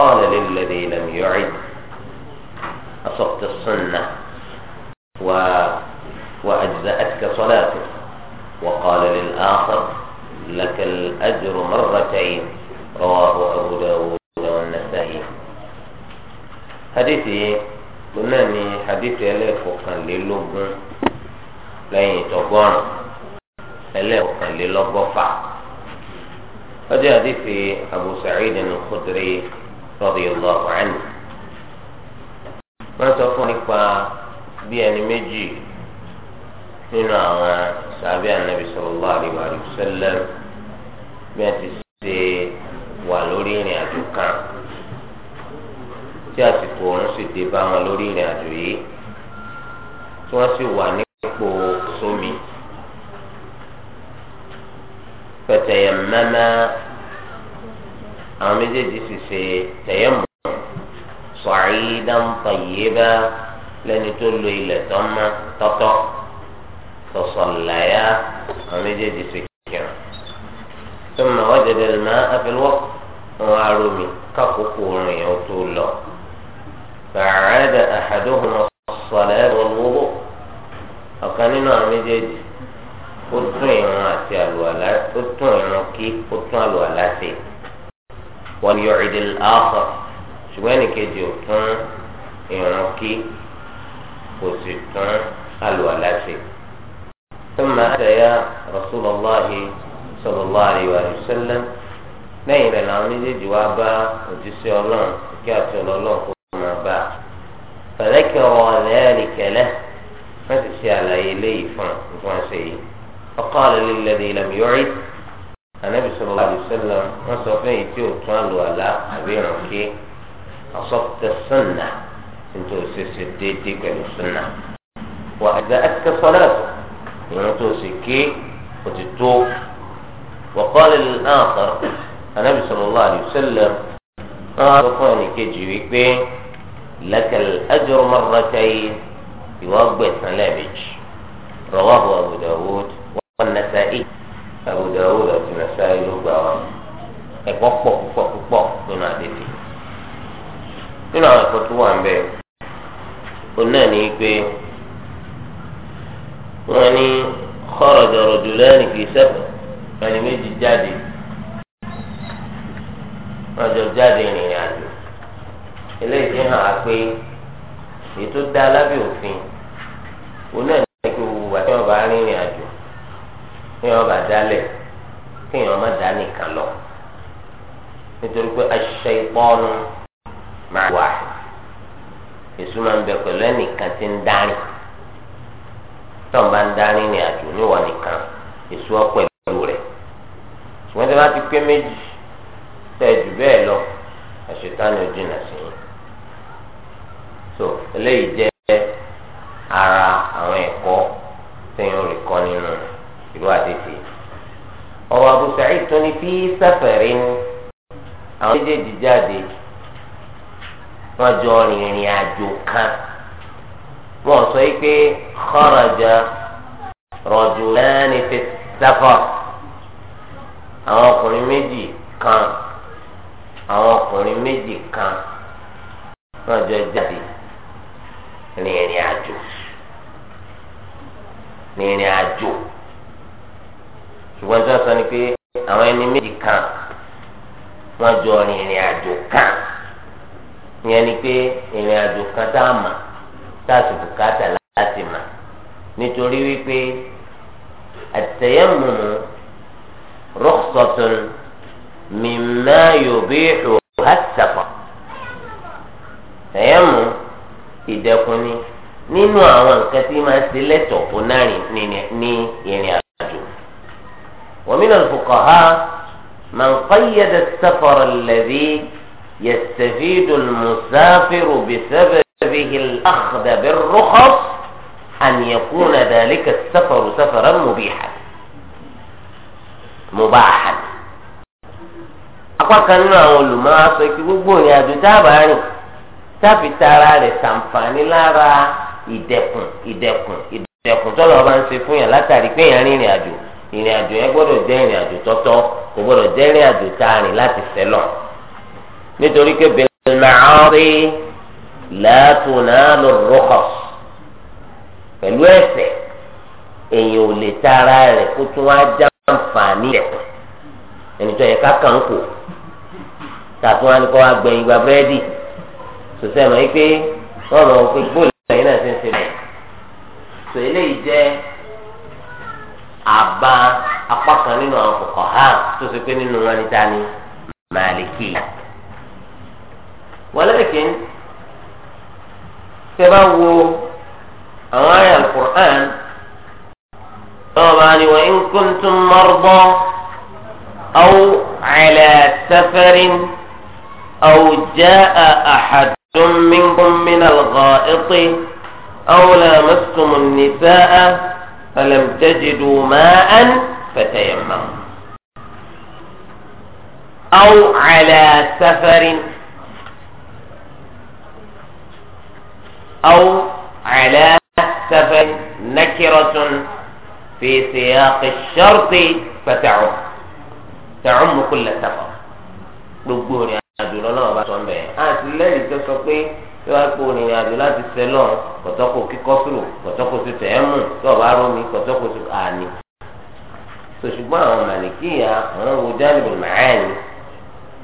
قال للذي لم يعد أصبت السنة و وأجزأتك صلاتك وقال للآخر لك الأجر مرتين رواه أبو داود والنسائي حديثي قلنا أن حديث يلفق للوب لن يتقون يلفق للوب فقط فجاء حديث أبو سعيد الخدري radiyallahu anhu. wọ́n sọ fún nípa bí ẹni méjì nínú àwọn sàbí ànábì sallallahu alaihi wa sallam bí wọ́n ti ṣe wà lórí ìrìn àjò kan tí àsìkò òun sì dé bá wọn lórí ìrìn àjò yìí tí wọ́n sì wà nípò sómi. fẹ̀tẹ̀yẹ̀mẹ́mẹ́ àwọn méjèèjì sì ṣe ìbá lẹ́ni tó lo ilẹ̀ tọ́mọ tọ́tọ́ sọ̀sọ̀láyà àwọn méjèèjì sì kìrọ̀ tó mọ̀ wọ́n jẹjẹrẹ máa afẹ́lọ́wọ́ wọn á romi kákòókò orin yẹn tó lọ. fàáda àhàdóhùn ọ̀sọ̀lá ẹ̀rọ̀lówó ọ̀kan nínú àwọn méjèèjì ó tún ìran àti àlùwàlá ó tún ìran kí ó tún àlùwàlá sí. wọ́n yọ ìdílé àkọ́ ṣùgbọ́n ẹnì kejì ò tún. ìrun kí kò sì tún àlùwàlá ṣe. ثم أتى يا رسول الله صلى الله عليه وسلم lẹ́yìn rẹ̀ làwọn méjèèjì wá bá òjíṣẹ́ ọlọ́run kí àti ọlọ́run kó máa bá a. fẹ̀lẹ́kẹ̀ ọ̀rẹ́ rẹ̀ kẹlẹ́ wọ́n sì ṣe àlàyé eléyìí fún nǹkan ṣe yìí. ọkọ̀ àlùlẹ̀ lẹ́dí ìlànà yọrí ànábì sọ̀rọ̀ àdìsẹ́lẹ̀ wọ́n sọ fún èyí tí ò tún àlù àlá àbí ìrànkè ọ̀sọ̀tẹ̀sánná nítorí o ṣe ṣe déédéé pẹ̀lú súnà wà ẹ̀dá ẹ̀kẹ́ sọ́lá ìrún tó ṣe ké òtítọ́ wọ́kọ́lẹ̀ náà kan anábì sallallahu alaihi wasallam náà sọ fún ẹnì kejì wípé lẹ́kẹ̀lẹ́ ajru marratayn ìwọ́ gbẹ̀sán lẹ́ẹ̀mejì rawahu Abu Dawud wa Nasa'i Abu Dawud àti Nasa'i ló gbà wọn ẹ̀kọ́ pọ̀ púpọ̀ púpọ̀ nínú àdéhùn nínú àwọn ẹ̀kọ́ tó wà ń bẹ́ẹ̀. táàbà rìn táàbì tara rẹ̀ ṣàǹfààní lára ìdẹ̀kùn ìdẹ̀kùn ìdẹ̀kùn tọ́lọ̀ bá ń ṣe fún yàn látàrí pé yàn rìnrìn àjò ìrìn àjò yẹn gbọ́dọ̀ jẹ́ ìrìn àjò tọ́tọ́ kò gbọ́dọ̀ jẹ́ ìrìn àjò tá a rìn láti fẹ́ lọ. nítorí pé bil ma'asi la tunalu rukhas pẹ̀lú ẹ̀ṣẹ̀ èèyàn ò lè tara rẹ̀ kó tún wá já àǹfààní rẹ̀ ẹnìtọ́ yẹn ká kàn kò tàbí wọn kọ́ agbẹ̀yìn gba búrẹ́dì sòsẹ́ mọ̀ pé wọ́n mọ̀ pé bóòlù ẹ̀yìn náà ṣe ń ṣe bẹ̀. sọ eléyìí jẹ́ àbá apá kan nínú àwọn kọ̀kọ̀ ha tó ṣe pé nínú wọn níta ni màlìkì. walakin tẹ́ bá wo àwọn àyà alukur'an tọ́wọ́ bá ní wa in kuntum marda aw ala safarin. أو جاء أحد منكم من الغائط أو لامستم النساء فلم تجدوا ماء فتيمموا أو على سفر أو على سفر نكرة في سياق الشرط فتعم تعم كل سفر àjò lọ́lọ́wọ́ bá sọ àti tó sọ pé tí wàá kó rìnrìn àjò láti lọ kọ̀tọ́kù kíkọ́ sùrù kọ̀tọ́kù sí tẹ̀ẹ́mù tí ọ̀bá rómi kọtọkọ sí àní. sòṣùgbọ́n àwọn màlìkíyà àwọn wo jáde màáyì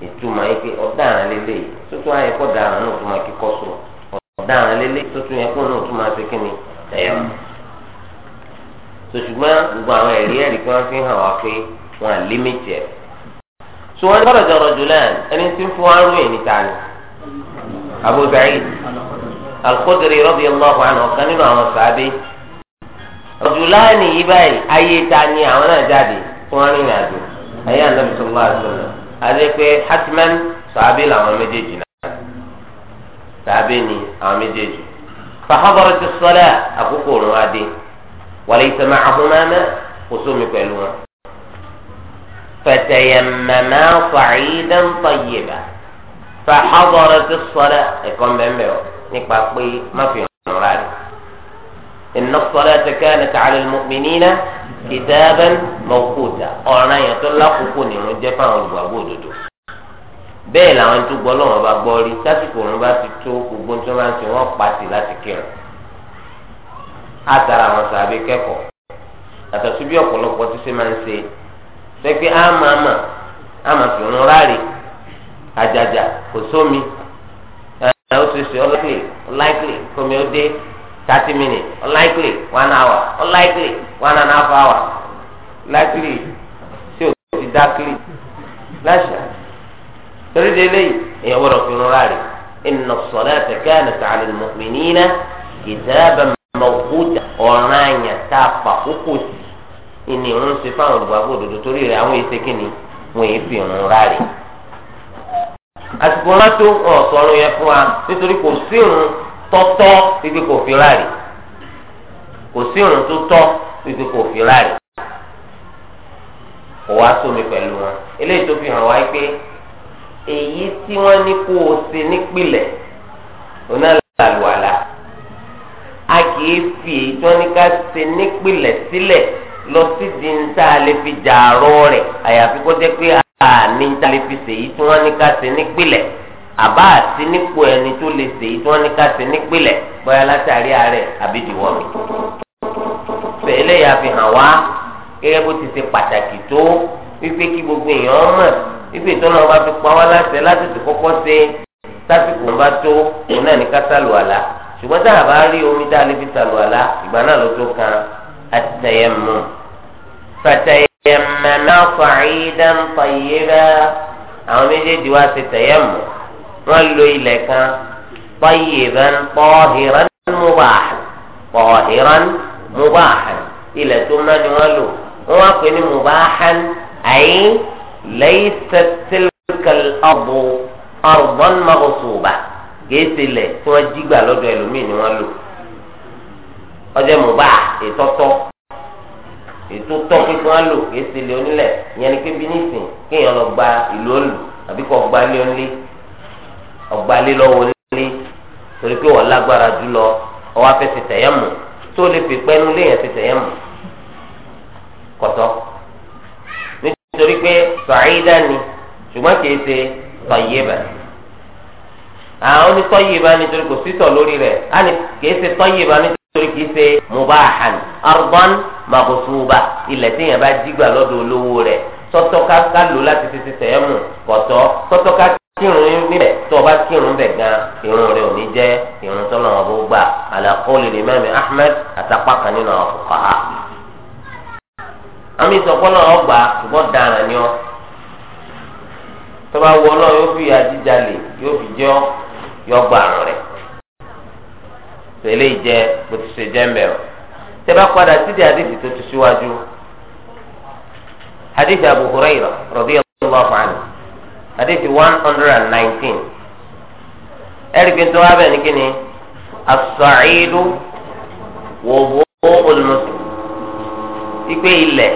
ìtumọ̀ yìí pé ọ̀daràn lélẹ̀ tuntun ayẹ kọ́ daràn náà máa sùrù ọ̀daràn ṣùgbọ́n dọ́rọ̀jọ̀ rọ̀jùlán ẹni tí ń fún wa rú èyí níta ni Abu Sa'id Al-Khudri radiyallahu anhu ọ̀kan nínú àwọn sàábé rọ̀jùlán yìí báyìí ayé ta ni àwọn náà jáde fún wa rìnrìn àjò ayé Ànábì sallallahu alaihi wasallam àti pé hatman sàábé làwọn méjèèjì náà sàábé ni àwọn méjèèjì فحضرت الصلاة أخوكم وادي وليس معهما ماء وسمي كلهما فتيمما صعيدا طيبا فحضرت الصلاة يكون بمبيو نكبا قوي ما في نوران إن الصلاة كانت على المؤمنين كتابا موقوتا ọ̀ràn yẹn كوني lákòókò ni wọ́n jẹ́ fáwọn olùgbàgbọ́ òdodo bẹ́ẹ̀ làwọn tó gbọ́ lọ́wọ́ bá gbọ́ rí sásìkò òun bá ti tó gbogbo tó máa ń ṣe wọ́n pàṣẹ láti kírun á tara àwọn sàbẹ̀ kẹ́kọ̀ọ́ yàtọ̀ sí ti ṣe máa ń ṣe pẹ́pẹ́ àmà àmà àmà fìrún ráre àjàjà kò sómi ẹ̀ ó ti ṣe ọlọ́kìlì ọláìkìlì ó dé thirty minutes ọláìkìlì one hour ọláìkìlì one and a half hour láìkìlì tí o ti dákìlì láṣà torí de eléyìí èèyàn gbọ́dọ̀ fìrún ráre inna as-salata kanat 'ala al-mu'minina kitaban mawquta ọ̀ràn àyàn tá a fà kókò sí ìní òun ṣe fáwọn olùgbàgbọ́ òdodo torí rẹ̀ àwọn èsè kìíní wọn èyí fi òun ráre. àsìkò wọn tó wọn sọ̀rọ̀ yẹn fún wa nítorí kò sí òun tọ́tọ́ pípé kò fi ráre kò sí òun tó tọ́ pípé kò fi ráre. kò wá sómi pẹ̀lú wọn eléyìí tó fi hàn wá pé èyí tí wọ́n ní kó o ṣe nípìnlẹ̀ òun náà lálùwàlà a kì í fi èyí tí wọ́n ní ká ṣe nípìnlẹ̀ sílẹ̀. Si lọ sí di ń tá a lè fi jàrọ rẹ àyàfi kó jẹ pé a ní ń tá a lè fi ṣèyí tí wọn ní ká ṣe nípìlẹ̀ àbá àti nípò ẹni tó lè ṣèyí tí wọn ní ká ṣe nípìlẹ̀ bóyá látàrí àárẹ̀ àbí ìdíwọ́ mi. fẹ́lẹ́ yà fi hàn wá gẹ́gẹ́ bó ti ṣe pàtàkì tó wípé kí gbogbo èèyàn mọ̀ wípé ìtọ́nà ọba fi pa wá láṣẹ láti ti kọ́kọ́ ṣe sásìkò ńbá tó òun náà ní ká sàlùwàlà ṣùgbọ́n tá bá rí omi tá lè fi sàlùwàlà ìgbà náà ló tó kan التيمم فتيمما صعيدا طيبا àwọn méjèèjì wá sí tẹ̀yẹ̀mù wọ́n lo ilẹ̀ kan tayyiban tahiran mubahan tahiran mubahan ilẹ̀ tó mọ́ ni wọ́n lò wọ́n wá pè ní mubahan ay laysat tilka al-ardu ardan maghsuba kìí ṣe ilẹ̀ tí wọ́n jí gbà lọ́dọ̀ ẹlòmíì ni wọ́n lò ọjọ́ mùbá ètọ́tọ́ ètò tọ́ pípọ́n á lò kìí ṣe lé onílẹ̀ ìyẹn ni kébí nísìn kéèyàn lọ gba ìlú òlù àbí kọ́ gba lé onílé ọgbà lé lọ́wọ́ onílé torí pé wọ́n lágbára jùlọ ọwọ́ afẹ́ ti tẹ̀yẹ́ mọ̀ tó lè fi pẹ́nu léèyàn ti tẹ̀yẹ́ mọ̀ kọ̀tọ́ nítorí pé sàáyídá ni ṣùgbọ́n kìí ṣe tọ̀yẹ́bà àwọn onítọ̀yẹ́bà nítorí kò sítọ̀ lórí rẹ̀ á ní kìí ṣe tọ̀yẹ́bà nítorí torí kìí ṣe mubahan arban magosuba ilẹ̀ tí yẹn bá jígbà lọ́dọ̀ olówó rẹ̀ tọ́tọ́ká kálò láti fi ṣiṣẹ́ ẹ̀ mú kọ̀tọ́ tọ́tọ́ká kírun níbẹ̀ tó o bá kírun bẹ̀ gan irun rẹ̀ ò ní jẹ́ irun tọ́lọ̀ wọn bó gbà ala qawli l'imam ahmed àtàpá kan nínú àwọn fuqaha. àmì ìsọ̀kọ́lọ̀ ọgbà ṣùgbọ́n dára ni ọ́ tọ́ba wọ náà yóò fi àjíjalè yóò fi jẹ́ yọ tẹ̀lé ìjẹ bó ti ṣe jẹ́ ń bẹ̀ ọ́. tẹ́bá padà sídi àdìsí tó ti síwájú àdìsí Abu Hurairah radiyallahu anhu àdìsí one hundred and nineteen ẹ̀rìgbé tó wá bẹ̀ ní kíni ipe ilẹ̀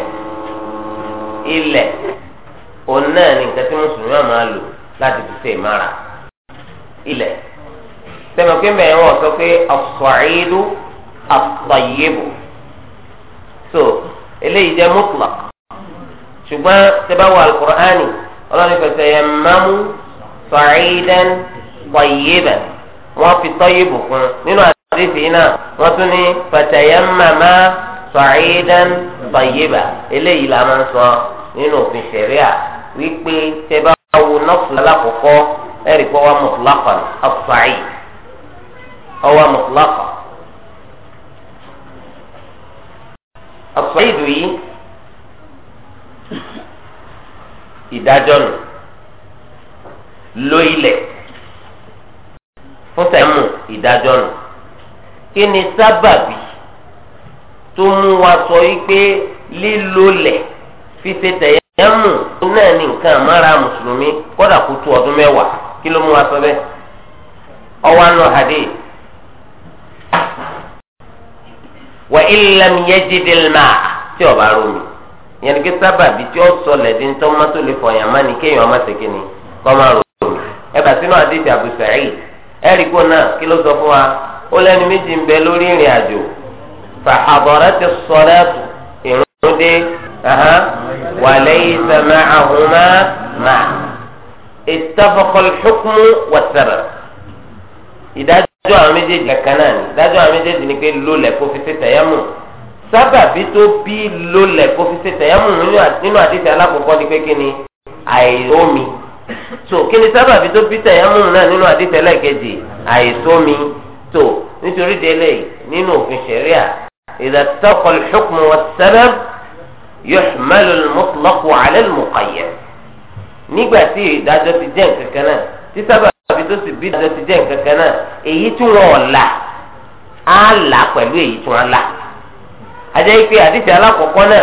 ilẹ̀ òun náà ni nǹkan tí mùsùlùmí máa lò láti fi ṣe sẹ́mi pé mẹ́rin wọ́n sọ pé as-sa'idu at-tayyibu so eléyìí jẹ́ mutlaq ṣùgbọ́n tẹ́bá wà al-Qur'ani ọlọ́ni fẹsẹ̀ yẹn mamu sa'idan tayyiban wọ́n fi tayyibu fún nínú àdéhìí náà wọ́n tún ní fatayammama sa'idan tayyiba eléyìí la ń sọ nínú òfin ṣẹ̀ríà wípé tẹ́bá wo nọ́ọ̀sì alákọ̀ọ́kọ́ ẹ̀rí kọ́ wa mutlaqan as ọwọ́ mọ̀tòlákọ̀. ọ̀sọ̀rọ̀ yìí ìdájọ́ nù lo ile fún tẹ̀mù ni to wa sọ yìí pé lílo lẹ̀ fi ṣe tẹ̀yẹ́mù náà ní nǹkan mara mùsùlùmí kódà kó tó ọdún mẹ́wàá kí ló mú wa sọ wà ilẹ̀ mi yẹ jìdìlmà tí ọba romi yẹn ni kí sábàbí tí ó sọ lẹ́dí ń tọ́ mọ́tò lè fọyàn má ni kéèyàn má ṣe kíni kọ́ má romi ẹ bá sínú àdéhìí Abu Sa'id náà kí ló sọ fún wa ó lẹ́nu méjì ń bẹ lórí ìrìn àjò fàhàbọ̀rẹ́ ti sọ̀rẹ́ ìrúndé wà lẹ́yìn sẹ́mẹ́ àhùnmá mà ìtàfọ̀kọ̀lù ṣùkùn wà ìdájọ́ ìdájọ́ àwọn méjèèjì kankan náà ni ìdájọ́ àwọn méjèèjì ni pé lólẹ̀ kó fi ṣe tẹ̀yẹ́mù sábàbí tó bí lólẹ̀ kó fi ṣe tẹ̀yẹ́mù nínú àdìsí alákọ̀ọ́kọ́ ni pé kí ni àìrómi so kí ni sábàbí tó bí tẹ̀yẹ́mù náà nínú àdìsí ẹlẹ́ẹ̀kejì àìsómi so nítorí délé nínú òfin ṣẹ̀ríà ìdàtọ́kọ̀ lùsùkùn wọn sẹ́rẹ̀ yọ̀ṣùmẹ́lò mọ́tòlọ́kù alẹ́ lùmọ̀kàyẹ̀ nígbà tí sábàbí tó sì bí ìdájọ́ ti jẹ́ nǹkan kan náà èyí tí wọn ò là á là pẹ̀lú èyí tí wọn là. ajẹ́ ipe àdìsí alákọ̀ọ́kọ́ náà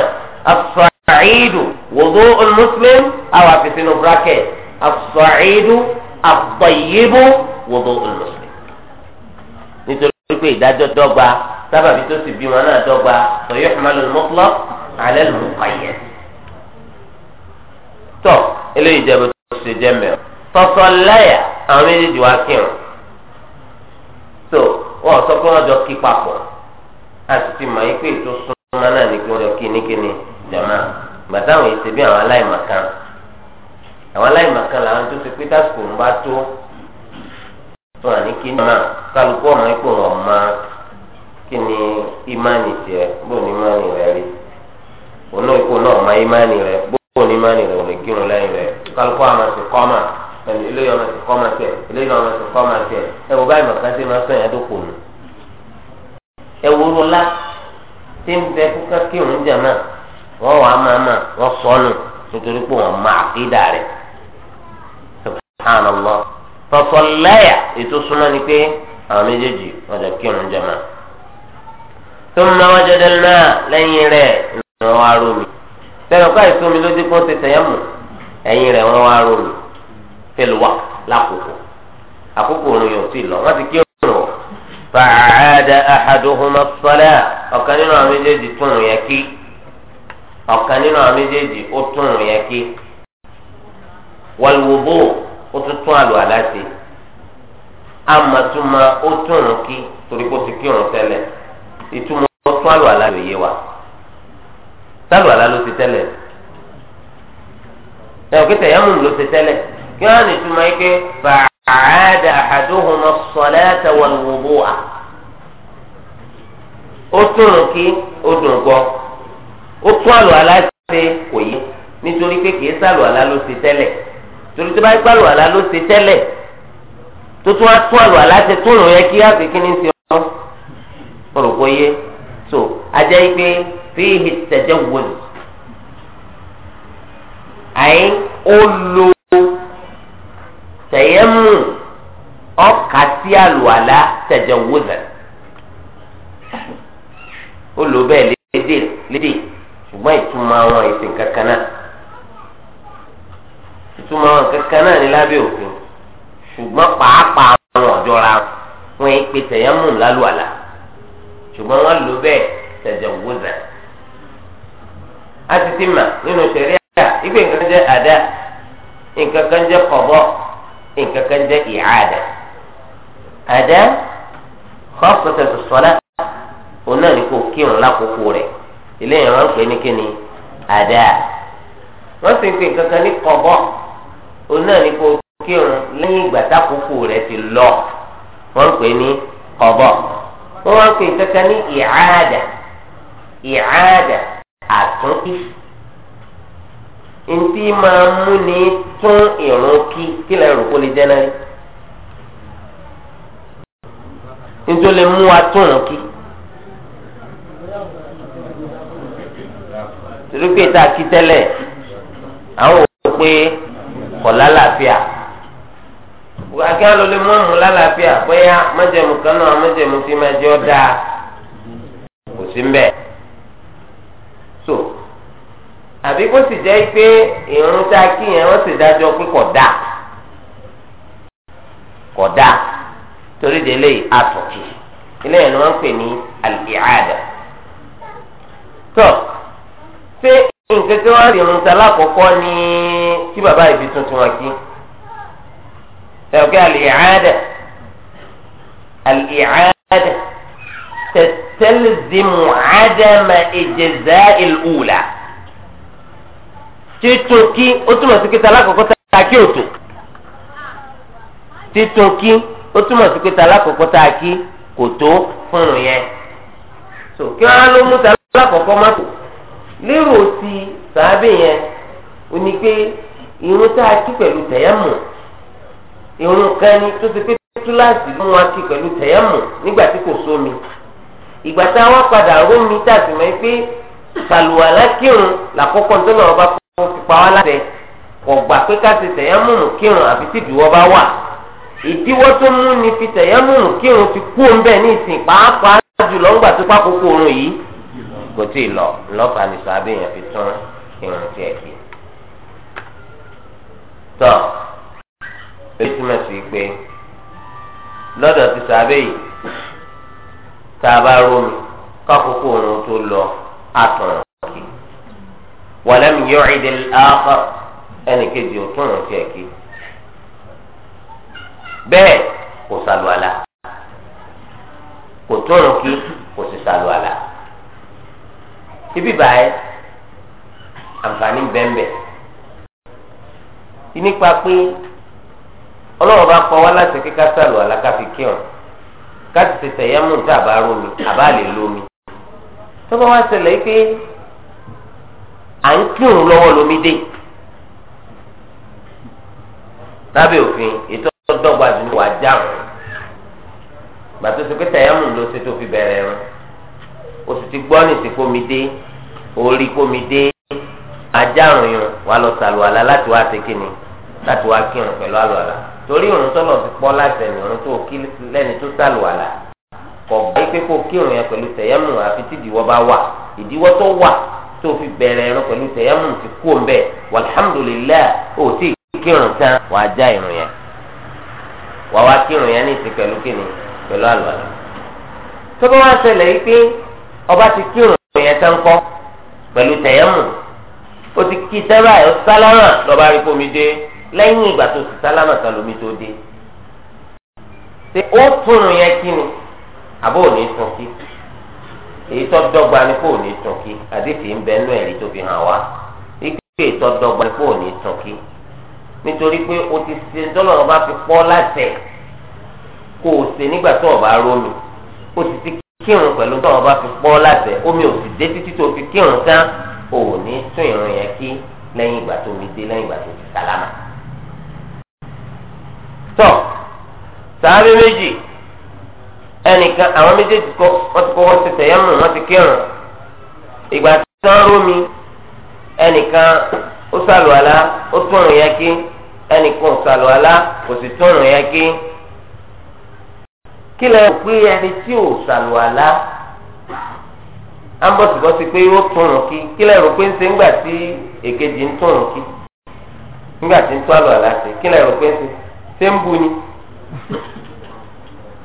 as-sa'idu wudu'ul muslim àwọn àfisínú bracket as-sa'idu at-tayyibu wudu'ul muslim. nítorí pé ìdájọ́ dọ́gba sábàbí tó sì bí wọn náà dọ́gba fa yuhmalu al-mutlaq ala al-muqayyad. tọ́ eléyìí jẹ́ bó ṣe jẹ́ mẹ́rin sọ̀sọ̀ lẹ́yà àwọn méjèèjì wá kírun so wọ́n sọ pé wọ́n jọ kí papọ̀ láti ti mọ̀ yín pé ètò súnmọ́ náà ní kí wọ́n jọ kí níkíní jọ̀mọ́ gbàtà àwọn èsì bí àwọn aláìmọ̀kan àwọn aláìmọ̀kan làwọn tó ṣe pé dásìkò ń bá tó fún àní kí ní máa kálukú ọmọ ipò wọn mọ kí ni ìmánì tiẹ̀ bó ni ìmánì rẹ̀ rí òun náà ipò náà mọ ìmánì rẹ̀ bó ni ìmánì rẹ̀ ò lè kírun lẹ́yìn rẹ̀ kálukú àmọ̀ sí kọ́mà pẹ̀lú eléyìí ọmọ ti kọ́ máa tẹ̀ eléyìí ọmọ ti kọ́ máa tẹ̀ ẹ wò báyìí màkà sí máa sọ̀yìn àdókò nù. ẹ wo ló la tí ń bẹ kúkà kí òun jẹ náà wọ́n wà á máa máa wọ́n sọnù nítorí pé wọ́n máa fi dà rẹ̀. subhanallah tọ̀tọ̀ lẹ́yà ètò súnmọ́ ni pé àwọn méjèèjì wọ́n jọ kí òun jẹ náà. tó ń náwó jẹjẹ náà lẹ́yìn rẹ̀ ni wọ́n wá ìsomi ló dé kó fẹlẹwà lákòókò àkókò òun yóò ti lọ wọn ti kí òun fàáda ahaduhuma sọlá ọ̀kan nínú àwọn méjèèjì tún un yẹn kí ọ̀kan nínú àwọn méjèèjì ó tún yẹn kí wàlúwòbó ó tún tún amatuma ó tún un kí torí kó ti kí ó tún yé wa ló ti kí wọ́n á nìtúmọ̀ yìí pé fàáda ahaduhuma as-salata wal-wudu'a ó tún kí ó dùn gbọ́ ó tún àlọ́ aláṣẹ kò yí nítorí pé kìí sàlù àlá ló ṣe tẹ́lẹ̀ torí tó bá gbà lù àlá ló ṣe tẹ́lẹ̀ tó tún á tún àlọ́ aláṣẹ tó rò yẹ kí àfi kí ni ṣe ọ́ ọ̀rọ̀ kò yé so ajẹ́ yìí pé fíìhì tẹ̀jẹ̀ wọlé àyín ó lo. tẹ̀yẹ́mù ọkà sí àlùwàlá tẹ̀jẹ̀ wúzẹ̀ ó lò bẹ́ẹ̀ lédè lédè ṣùgbọ́n àwọn ìsìn kankan náà ìtumọ̀ àwọn kankan náà òfin pàápàá àwọn wọn pe tẹ̀yẹ́mù lálùwàlá ṣùgbọ́n wọ́n lò bẹ́ẹ̀ tẹ̀jẹ̀ a ti ti nínú ìgbẹ́ nǹkan jẹ́ àdá nǹkan kan jẹ́ ìhàdà àdá kọ́sọ̀tẹ̀ sọ̀lá òun náà ní kò kírun lákòókò rẹ̀ ilé ìran pè ní kíni àdá wọ́n sì ń pè nǹkan kan ní kọ̀bọ̀ òun náà ní kò kírun lẹ́yìn ìgbà tákòókò rẹ̀ ti lọ wọ́n pè ní kọ̀bọ̀ wọ́n wá pè nǹkan ní ìhàdà ìhàdà àtúntì ntí máa mú ni tún ìrún kí kí lè rò kó lè jẹ náà rí ntó lè mú wa tún ìrún kí. torí pé tá a kí tẹ́lẹ̀ àwọn ò pé kọ̀ lálàáfíà wákí á lè mú ọ̀mù lálàáfíà bóyá májẹ̀mú kan náà májẹ̀mú tí máa jẹ́ ọ́ dáa kò sí mbẹ́ so àbí kó sì jẹ́ pé ìrún tá a kí yẹn wọ́n sì dájọ́ pé kò dáa kò dáa torí délé àtọ̀kì ilé yẹn ni wọ́n ń pè ní al-i'ada. tó ṣé nǹkan tí wọ́n rí irun tá lákòókò ní kí bàbá ìbí tuntun wọn kí ẹ̀kọ́ al-i'ada al-i'ada tastalzimu 'adama ijza'il ula títókí ó túmọ̀ sí kíta alákọ̀ọ́kọ́ tá a kí òtò títókí ó túmọ̀ sí kíta alákọ̀ọ́kọ́ tá a kí kò tó fún un yẹn. so kí wọ́n á ló mú ta alákọ̀ọ́kọ́ má tó lérò ti sàábì yẹn ó ní pé irun tá a kí pẹ̀lú tẹ̀yẹ́mù irun kan ni tó ti pé túláàsì ló wọn kí pẹ̀lú tẹ̀yẹ́mù nígbà tí kò sómi ìgbà táwọn padà rómi tá a sì mọ̀ pé sàlùwàlá kírun làkọ́kọ́ tó lọ́wọ́ bá pa wá láṣẹ ọgbà pé ká ṣe tẹ̀yẹ́mùmù kírun àfi tí ìdíwọ́ bá wà ìdíwọ́ tó mú ni fi tẹ̀yẹ́mùmù kírun ti kú òun bẹ́ẹ̀ ní ìsìn pàápàá jùlọ ńgbà tó pákókó oorun yìí kò tí ì lọ ńlọ́fà ní sàbẹ̀ yẹn fi tún irun tí ẹ̀ fi. tọ́ èyí túmọ̀ sí pé lọ́dọ̀ ti sàbẹ̀ yìí tá a bá rómi kákókó oorun tó lọ àtọ̀rọ̀ wàlẹ́mi yọ ìdè ààfà ẹnìkejì òtún òun tiẹ̀ kí bẹ́ẹ̀ kò sàlùwàlà kò tún òun kí kò sì sàlùwàlà ibi báyìí àǹfààní bẹ́ẹ̀nbẹ́ nípa pé ọlọ́run bá kọ́ wá láti kíkà sàlùwàlà káfí kíọ̀n káti tètè yẹ́mú tá a rómi àbá lè lómi tó bá wá ṣẹlẹ̀ pé à ń kírun lọ́wọ́ lomi dé lábẹ́ òfin ètò ọ̀dọ́gba jù wà jáàmù gbàtó sọ pé tàyámù ló ṣe tó fi bẹ̀rẹ̀ rẹ̀ o sì ti gbọ́ nìsín kómi dé orí kómi dé ajáàrùn yìí wà lọ sàlùwàlà láti wá ṣe kíni láti wá kírun pẹ̀lú àlùwàlà torí òrùn tọ́lọ̀ ti pọ́ láti ẹ̀yìn òrùn tó kí lẹ́ni tó sàlùwàlà kọ̀ bá yí pé kó kírun yẹn pẹ̀lú tàyámù àfi tí ìdíwọ́ bá wà ìdíwọ́ tó wà tó fi bẹ̀rẹ̀ ẹ̀rọ pẹ̀lú tẹ̀yẹ́mù ti kú òun bẹ́ẹ̀ walhamdulilayi ó ti kírun tán wàá já irun yẹn wàá wá kírun yẹn ní ìsìn pẹ̀lú kíni pẹ̀lú àlùwàlà. tó bá wá ṣẹlẹ̀ yìí pé ọba ti kírun yẹn tán kọ́ pẹ̀lú tẹ̀yẹ́mù ó ti kí sábà ẹ̀ sálámà lọ́ba rí kómi dé lẹ́yìn ìgbà tó ti sálámà tán lómi tó dé. ṣé ó túnrun yẹn kí ni àbó ò ní tún kí èyí tó dọ́gba ni kò ní tún kí àdéhìí ń bẹ nú ẹ̀rí tó fi hàn wá ikú èyí tó dọ́gba ni kò ní tún kí nítorí pé o ti ṣe tọ́lọ̀ ọba fi pọ́ láṣẹ kò ṣe nígbà tó ọba rómi o ti ti kírun pẹ̀lú tọ́lọ̀ ọba fi pọ́ láṣẹ omi ò sì dé títí tó fi kírun tán ò ní tún ìrun yẹn kí lẹ́yìn ìgbà tó mi dé lẹ́yìn ìgbà tó ti sálámà. tọ́ sáré méjì. ẹnìkan àwọn méjèèjì kọ wọ́n ti kọ́ wọ́n ti igba ti kírun ìgbà tí wọ́n rómi ẹnìkan ó sàlùwàlá ó túrùn yẹn kí ẹnìkan ò sàlùwàlá kò sì túrùn yẹn kí kí lẹ́yìn pé ẹni tí ò sàlùwàlá ambọ̀sibọ́sí pé ó túrùn kí kí lẹ́yìn ń tí èkejì ń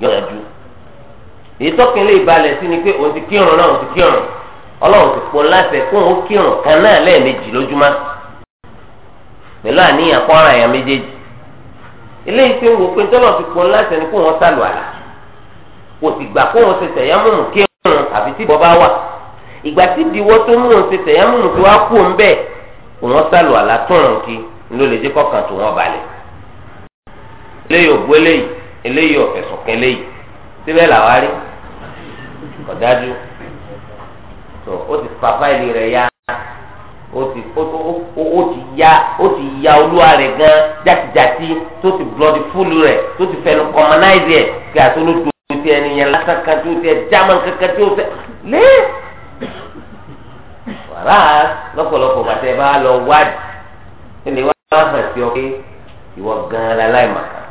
yọ̀yàjú èyí tọ́kìn lè balẹ̀ sí ni pé òun ti kírun náà òun ti kírun ọlọ́run ti pọ̀ láṣẹ kó òun kírun kan náà lẹ́ẹ̀mejì lójúmọ́ pẹ̀lú àníyàn kọ́ra èèyàn méjèèjì eléyìí ti ń wò pé tọ́lọ̀ ti pọ̀ láṣẹ ni kó òun sàlù àlà kò sì gbà kó òun ti tẹ̀yámùmù kírun àfi tí bọ́ bá wà ìgbà tí ìdíwọ́ tó mú òun ti tẹ̀yámùmù tó wá kú òun bẹ́ẹ̀ òun sàlù àlà tó rùn kí ló lè dé kọ́kàn tó wọn balẹ̀ eléyìí ò eléyìí ọ̀fẹ́ sọ̀kẹ́ eléyìí síbẹ̀ làwa rí kọ̀dájú tó ó ti fa fáìlì rẹ̀ ya ó ti ó ti ya ó ti ya olúwa rẹ̀ gan játijàti tó ti blọdi fúlù rẹ̀ tó ti fẹnu kọmanáìzì ẹ̀ kí àtolódo ti ẹni yẹn lásán kan tó ti ẹ jáman kankan tó ti lé wàrà lọ́pọ̀lọpọ̀ bàtẹ́ bá lọ wádìí ẹ lè wá hàn sí ọ pé ìwọ gan-an la láì màkà.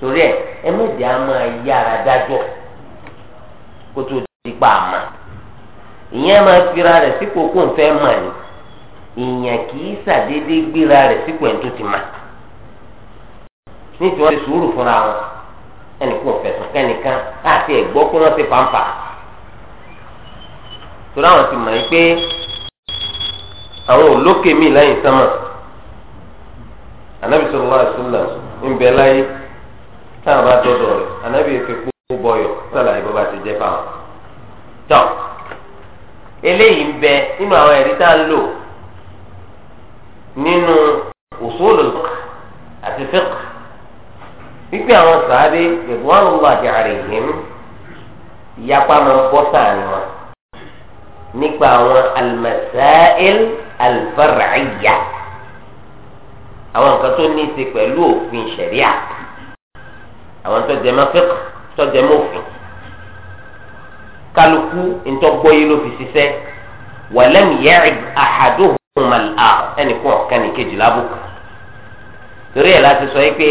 torí ẹ ẹmẹdìí a máa yára kó tó di pa àmà ìyẹn máa fira rẹ̀ sípò kó n fẹ́ mà ní ìyẹn kì í ṣàdédé gbéra rẹ̀ sípò ẹ̀ tó ti mà nítorí wọn ti sùúrù fúnra wọn ẹnì kò fẹ̀sùn àti kó wọn ti fàǹfà torí àwọn ti oloke mi lẹ́yìn sánmà Ànábì sallallahu alaihi wasallam ń táwọn bá dọdọ rẹ anabi efe kó bọyọ sọláyé bó bá ti jẹ fáwọn. tọ eléyìí ń bẹ nínú àwọn ẹ̀rí tá a ń lò nínú usulul fiqh àti fiqh wípé àwọn sàábé ìwọ́nùwà àti àrègìn ìyapa máa ń bọ́ sáàrin wọn nípa àwọn almasail alfar'iyya àwọn nǹkan tó ní í ṣe pẹ̀lú òfin ṣẹ̀ríà àwọn tó jẹ mẹfẹk tó jẹ mọfin kálukú ntọgbọyé ló fi ṣiṣẹ́ wàlẹm yẹrì àhàdóhùn màlá ẹnìkan kàní kejì lábùkù torí ẹ láti sọ yìí pé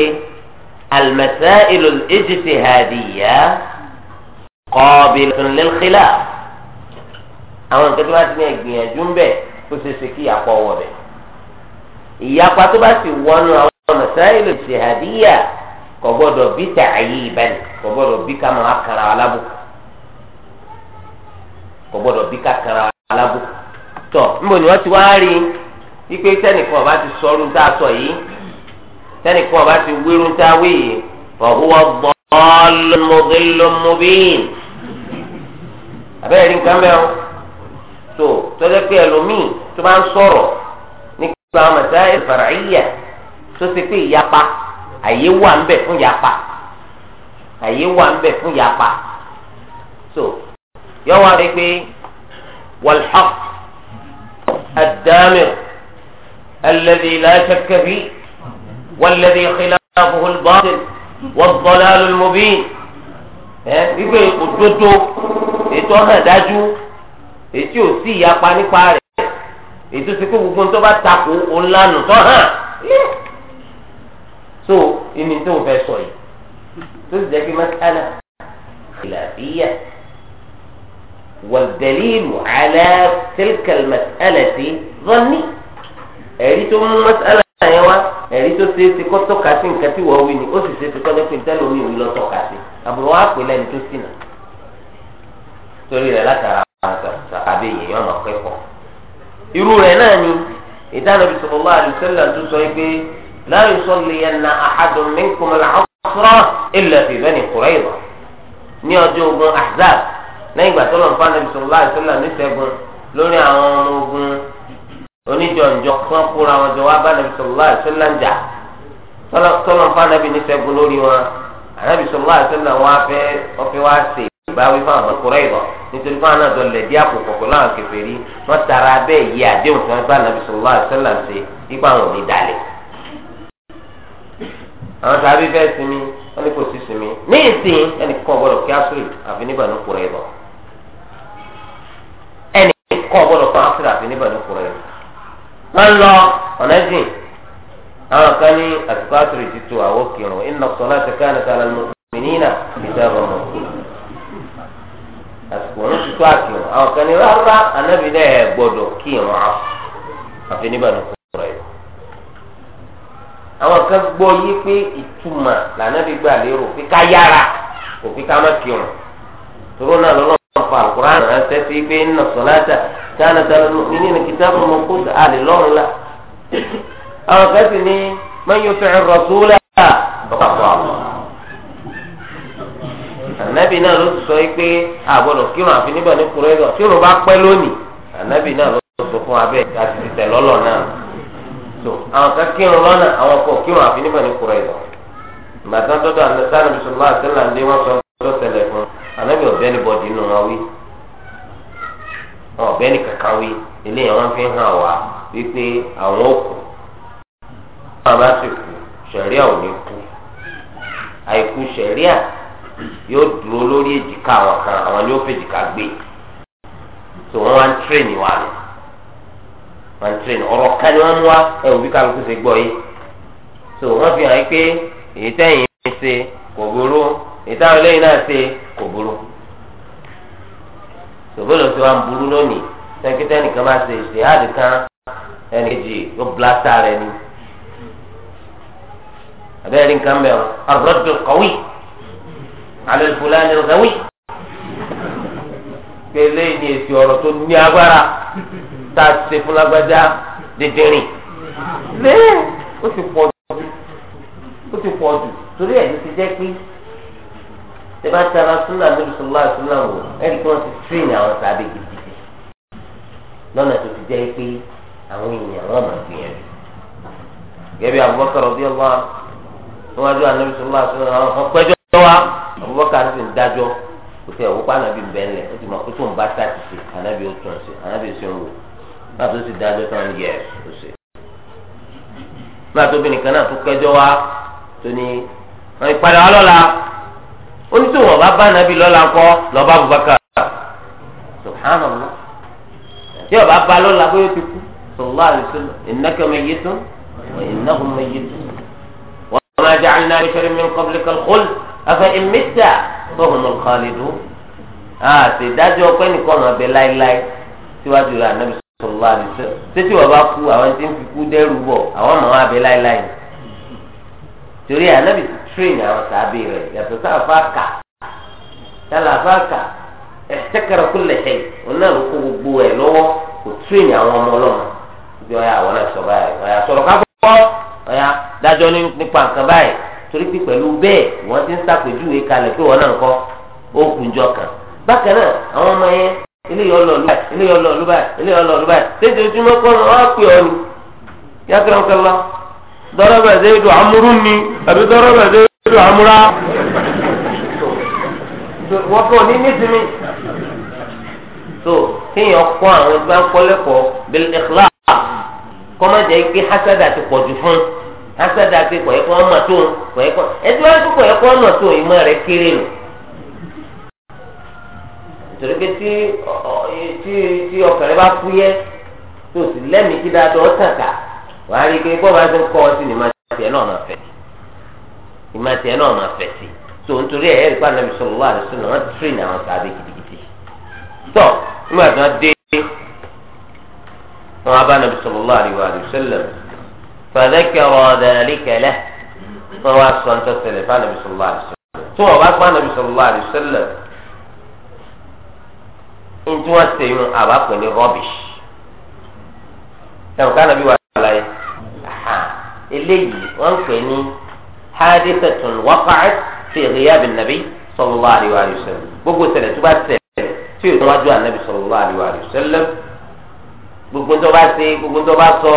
almasailu al-ijtihadiyya qabilatun lil-khilaf àwọn nǹkan tó bá ti ní ẹgbìyànjú ń bẹ kó ṣe ṣe kí ìyapa ọwọ bẹ ìyapa tó bá sì wọnú àwọn masailu al-ijtihadiyya kò gbọ́dọ̀ bí tààyè ìbẹ̀rẹ̀ kò gbọ́dọ̀ bí ká máa kara alábùkù kò gbọ́dọ̀ bí ká kara alábùkù tọ̀ níbo ni wọ́n ti wá rí wípé tẹ́nìkan ọba ti sọ ọdún tá a sọ yìí tẹ́nìkan ọba ti wírun tá a wí yìí ọ̀húwọ́ bọ́ọ̀lùmọ́bìlùmọ́bìn abẹ́rẹ́ nǹkan mẹ́wọ́ tó tọ́jọ́ pé ẹlòmíì tó bá ń sọ̀rọ̀ nípa àwọn mẹ̀sáyẹ̀ fàràyà tó ti pé ìyapa àyè wà ń bẹ̀ fún yapa àyè wà ń bẹ̀ fún yapa so yọwọ́ rí pé wàlhàf àdámẹ́ alẹ́dẹ̀ ìlàṣẹ́kẹ́bí wàlẹ́dẹ̀ ìkìláfọ̀hún bọ́ọ̀dẹ̀ wàbọ̀lá lọ́mọbí ẹ wípé òdodo ètò ọ̀hún àdájú ètí ò sí ìyapa nípa rẹ̀ ètò ìsìnkú gbogbo tó bá takò òun lánàá tó hàn. سوء ان انتم فاسقين تزكي مسألة خلافية والدليل على تلك المسألة ظني أريتم مسألة أيوة أريتم سيتي كتو كاسين كتي وويني أوسي سيتي كتو كاسين كتي وويني أوسي سيتي كاسين أبو واقف ولا أنتو سينا تولي لا ترى أبي يوم أخيكم يروي ناني إذا نبي صلى الله عليه لا يصلين أحد منكم العصر إلا في بني قريظة ní ọjọ́ ogun ahzab lẹ́yìn ìgbà tó lọ nípa nàbì sallallahu alaihi wasallam níṣẹ́gun lórí àwọn ọmọ ogun oníjọ̀njọ̀ kan kóra wọn jọ wá bá nàbì sallallahu alaihi wasallam jà tó lọ nípa nàbì níṣẹ́gun lórí wọn ànàbì sallallahu alaihi wasallam wọn afẹ́ ọfẹ́ wá sí ìbáwí fún àwọn Qurayza nítorí fún àwọn àjọ lẹ̀dí àpòpọ̀ pẹ̀lú àwọn kèfèrí wọn tara bẹ́ẹ̀ yí àdéhùn fún ẹgbẹ́ ànàbì sallallahu alaihi wasallam àwọn òní àwọn tàbí fẹ́ sinmi wọ́n ní kò sí sinmi ní ìsìn ẹnì kan gbọ́dọ̀ kí asúrì àfi nígbà ní kúrẹ́ yìí lọ ẹnì kan gbọ́dọ̀ kí asúrì àfi nígbà ní kúrẹ́ yìí wọ́n lọ ọ̀nà ẹ̀sìn àwọn kan ní àsìkò asúrì ti tó àwọn kírun inna salata kanat ala al-mu'minina kitaban mawquta àsìkò ọ̀nà ti tó àkírun àwọn kan ní rárá anábìlẹ̀ gbọ́dọ̀ kírun àwọn kan gbọ́ yí pé ìtumọ̀ lànà bí gbà lérò fi ká yára kò fi ká má kírun tóró náà lọ́lọ́run fa àkùrán náà sẹ́sí pé ń nà sọ̀láta sáànà sáànà nínú ní kìtàbù mọ̀ kó àlè lọ́rùn la àwọn kan sì ní man yuti'i rasula bàbá ànábì náà ló sọ yí pé àgbọ̀dọ̀ kírun àfi níbọ̀ ní kúrẹ́dọ̀ kírun bá pẹ́ lónìí ànábì náà ló sọ fún abẹ́ àti tìtẹ̀ náà tó àwọn kan kírun lọ́nà àwọn kan kírun àfi níbẹ̀ ní kúrẹ́ ìlọ. ìgbà tí wọ́n tọ́jú àlùsá nàbí sọ̀rọ̀ máa tẹ́lẹ̀ àǹdé wọ́n sọ tó tẹ̀lẹ̀ fún ànábì ọ̀bẹ ní bọ́dì nù wọn wí. ọ̀bẹ ní kankan wí ilé yẹn wọ́n fi hàn wá wípé àwọn òkú. wọ́n bá sì kú sẹ̀ríà ò ní kú àìkú sẹ̀ríà yóò dúró lórí èjìká àwọn kan àwọn ni ó fèjìká gbé. tò wọ́n wá ń tírèènì wa wọn tẹ̀lé ọ̀rọ̀ kan ni wọ́n mú wa ẹ wò bí kálukú ṣe gbọ́ yìí so wọ́n fi hàn pé èyí tẹ́yìn ṣe kò burú èyí táwọn eléyìí náà ṣe kò burú tòbólò tí wọ́n burú lónìí sẹ́kítẹ́ nìkan máa ṣe ìṣèhádìí kan ẹnì kejì yóò blasta rẹ ni abẹ́rẹ́ nǹkan mẹ́rin arọ́dọ̀ kọ̀wé alẹ́ fúlàní ọ̀gáwé pé eléyìí ni èsì ọ̀rọ̀ tó ní agbára. tá a ṣe fún lágbájá dédé lẹ́ẹ̀ ó ti pọ̀ jù ó ti pọ̀ jù torí ẹ̀ ló ti jẹ́ pé tẹ́bá tara súnà níbi sọlá súnà wò ẹ̀rí kí wọ́n ti tírìn àwọn sábẹ́ gidigidi lọ́nà tó ti jẹ́ pé àwọn èèyàn wọn máa gbìyànjú gẹ́gẹ́ Abubakar ọbí ọba níwájú ànábi sọlá súnà àwọn kan pẹ́jọ́ wa Abubakar ti ń dájọ́ kò tẹ̀ wọ́pọ̀ ànábi ń bẹ́ẹ̀ lẹ̀ ó tún bá ti ṣe ó tún ṣe ó wò. náà tó sì dájọ́ tán yẹ ó ṣe. náà tóbi nìkan náà tó kẹjọ́ wa tó ní wọn ìpàdé wa lọ́la onítòwọ̀n ọba bá nàbí lọ́la kọ́ lọ́ba Abubakar subhanallah tí ọba bá lọ́la bóyá ti kú sallallahu alaihi wasallam innaka mayyitun wa innahum mayyitun wa ma ja'alna basharan min qablika al-khuld afa in mitta fahumul khalidun àti ah, ìdájọ́ ọpẹ́ nìkan ọ̀nà ọbẹ̀ láéláé síwájú rẹ̀ ànábì sọlá ní sẹ tètè wà bá kú àwọn tí ń fi kú dẹrù bọ àwọn ọmọ wọn abẹ láéláé torí ànábì ti tírèèni àwọn sàbẹ rẹ yàtọ̀ sáfà kà sálàfà kà ẹsẹkẹrẹ kú lẹsẹ ọ̀nà ló kó gbogbo ẹ lọ́wọ́ kò tírèèni àwọn ọmọ ọlọ́mọ ibi ọ̀yà àwọn náà sọ báyìí ọ̀yà sọ̀rọ̀ ká bọ́ ọ̀yà dájọ́ nípa nǹkan báyìí torí pé pẹ̀lú bẹ́ẹ̀ wọ́n ti ń sàpèjúwe kalẹ̀ pé wọ́n náà ń kọ́ ó eléyìí ọlọ́ọ̀lù báyìí eléyìí ọlọ́ọ̀lù báyìí eléyìí ọlọ́ọ̀lù báyìí tètè ojúmọ́ kọ́ ọ́n á pè ọ́ ni yàtọ̀ ọ́n kẹlá dọ́rọ́bà zéèdù amúrú ni àbí dọ́rọ́bà zéèdù amúrá wọ́n fún ọ ní nísìmí. so kéèyàn kọ́ àwọn tó bá ń kọ́ lẹ́kọ̀ọ́ bil ikhlas kọ́mọ̀jẹ́ gbé hásádà ti pọ̀jù fún hásádà ti kọ̀ ẹ̀kọ́ ọmọ tó ẹ̀kọ́ ẹ̀dúrà tó kọ̀ ẹ̀kọ́ ọmọ tó ìmọ̀ rẹ̀ kéré nù torí pé tí tí tí ọkùnrin bá kú yẹ tó sì lẹ́mìí kí dáadọ́ ó tàkà wàá rí i pé bọ́ọ̀ bá ti ń kọ́ ọ sí ni ìmọ̀ tiẹ̀ náà máa fẹ̀ sí ìmọ̀ tiẹ̀ náà máa fẹ̀ sí tó nítorí ẹ̀ ẹ̀rí pàdánù sọ̀rọ̀ wà lọ́sọ̀ náà wọ́n ti tírì ní àwọn sàbẹ̀ gidigidi tọ́ nígbà tí wọ́n dé wọn abá nàbì sọ̀rọ̀ wà lọ́wọ́ àdìsẹ́lẹ̀ fàdákẹ́rọ̀ ọ̀dàlẹ́kẹ́lẹ́ wọn wá sọ ní tọ́sẹ̀lẹ̀ fàdánù sọ̀rọ̀ wà lọ́sọ̀ ntí wọn ṣe yun àbá pè ní rubbish ẹnì kan nàbí wà láyé eléyìí wọn pè ní hadithatun waqa'at fi ghiyabi nàbí sallallahu alaihi wa sallam gbogbo ṣẹlẹ̀ tó bá ṣẹlẹ̀ tí yóò wájú ànábì sallallahu alaihi wa sallam gbogbo tó bá ṣe gbogbo tó bá sọ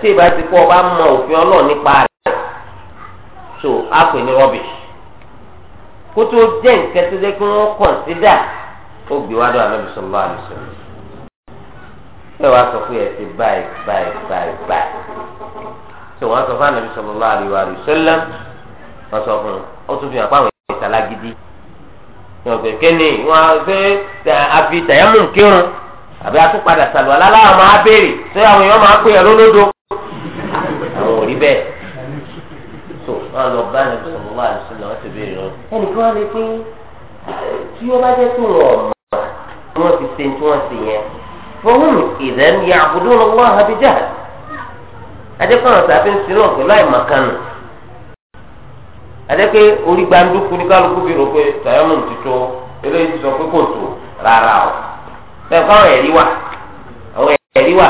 tí ìbá ti kọ́ ọba mọ òfin ọlọ́ọ̀ nípa rẹ̀ so a pè ní rubbish kótó jẹ́ nǹkan tó ó gbé wá dọ̀ ànábì sọ̀rọ̀ àlè sọ̀rọ̀ ẹ wàá sọ pé ẹ ti báyìí báyìí báyìí báyìí tó wọn sọ fún ànábì sọ̀rọ̀ àlè wà lè sẹ́lẹ̀ wọn sọ fún un ó tún fi hàn pàwọn èèyàn ìta lágídí wọn pè kéne wọn fẹ́ àfi tàyámù kírun àbí atúpadà sàlù aláwọ̀ máa béèrè tó àwọn èèyàn máa pè é lólódó àwọn ò rí bẹ́ẹ̀ tó wọn lọ bá ànábì sọ̀rọ̀ àlè sọ̀rọ̀ wọn ti béèrè lọ tí ó bá jẹ́ tó wọ̀ mà tí wọ́n fi ṣe tí wọ́n ṣe yẹn fọwọ́n ìdẹ́nu yà àbúdó àbíjà adékọ̀ràn tàbí ń sinú pẹ̀lú àìmọ̀kànnù adékè orí gbàndúkú ní kálukú bí rò pé eléyìí sọ pé kò tó rárá o fáwọn ẹ̀rí wà àwọn ẹ̀rí wà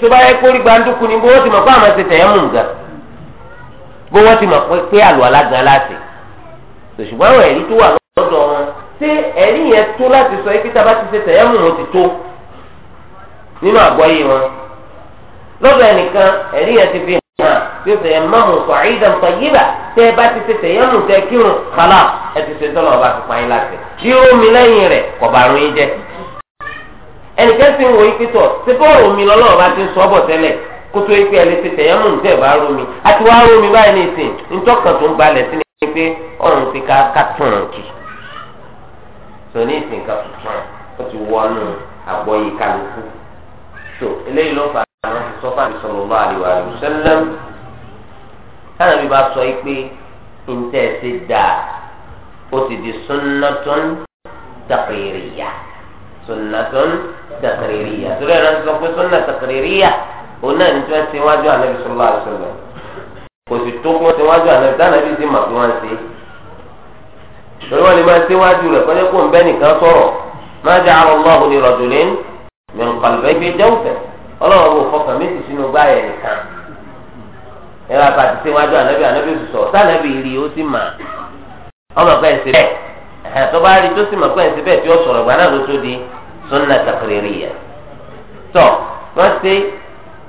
tó bá yẹ kó orí gbàndúkú ti mọ̀ pé àwọn ń ga lọ́dọ̀ wọn ṣé ẹ̀rí yẹn tó láti sọ ibi tábà ti ṣe tẹ̀yẹ́mù wọn ti tó nínú àgbọ́yé wọn lọ́dọ̀ ẹnìkan ẹ̀rí yẹn ti fi hàn tí ó sẹ̀yẹ̀ mọ́mù sọ àyídàn tọ́yíbà tẹ́ ẹ bá ti ṣe tẹ̀yẹ́mù tẹ́ kírun kálá ẹ ti ṣe tọ́lọ̀ ọba fipá yín láti irú mi lẹ́yìn rẹ̀ kọ̀bàrún yín jẹ́ ẹnìkan sì ń wo ipe tọ̀ ṣé bọ́ọ̀rù mi lọ́lọ́ọ̀ bá ti ń sọ ọ́ bọ̀ tẹ́lẹ̀ kótó ipe ẹ̀ lè ṣe tẹ̀yẹ́mù tẹ́ ẹ̀ bá rú mi àti wàá rú mi báyìí ní ìsìn ntọ́kàn tó ní ìsìn kan tuntun ó ti wọnú àgbọ̀yé kálukú tó eléyìí ló fà á àwọn ti sọ fún àbí sallallahu alaihi wasallam káyọ̀ bí bá sọ yìí pé ntẹ́ ti dà ó ti di sunnatun taqririya sunnatun taqririya torí ẹ̀rọ ti sọ pé sunna taqririya òun náà ní tí wọ́n ti wájú ànábi kò sì tó kó ti wájú ànábi tí ànábi ti mà fún wọn ṣe torí wọn lè máa síwájú rẹ̀ kọjá kó ń bẹ́ nìkan sọ̀rọ̀ máa jẹ́ àrùn náà òní rọ̀dùnlé mi nǹkan lè gbé jẹ́wùfẹ́ ọlọ́run kò fọkàn méjì sínú gbáyẹ̀ nìkan ẹ̀rọ àpàtì síwájú ànábì ànábì sọ̀ sànábì rí ó sì mà ọmọ pẹ́ sí bẹ́ẹ̀ tó bá rí tó sì mà pẹ́ sí bẹ́ẹ̀ tí ó sọ̀rọ̀ gbà náà ló tó di sunna takririya tọ́ wọ́n ṣe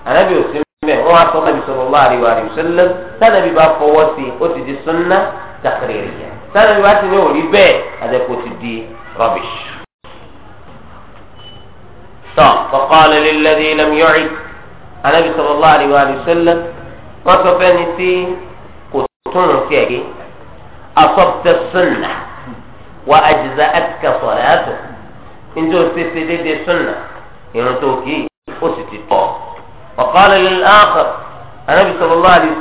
ànábì ò mẹ́ wọ́n á sọ nàbì sallallahu alaihi wa sallam sànábì bá fọwọ́ sí ó ti di sunna takririya sáré bí wá ti ní òrí bẹ́ẹ̀ àdẹ́kùn ti di rubbish. tọ́ kọ́kọ́lẹ́ lẹ́lẹ́dẹ́ lẹ́mìírì anábì sallallahu alaihi wa sallam wọ́n sọ fẹ́ni tí kò tún un tiẹ̀ gé asọ́pẹ́ sunna wa àjìzá ẹ̀ka sọ̀rọ̀ ẹ̀tọ́ njẹ́ o ṣeṣe dédé sunna irun tó kì í ó sì ti tọ́ kọ́kọ́lẹ́ lẹ́lẹ́ anábì sallallahu alaihi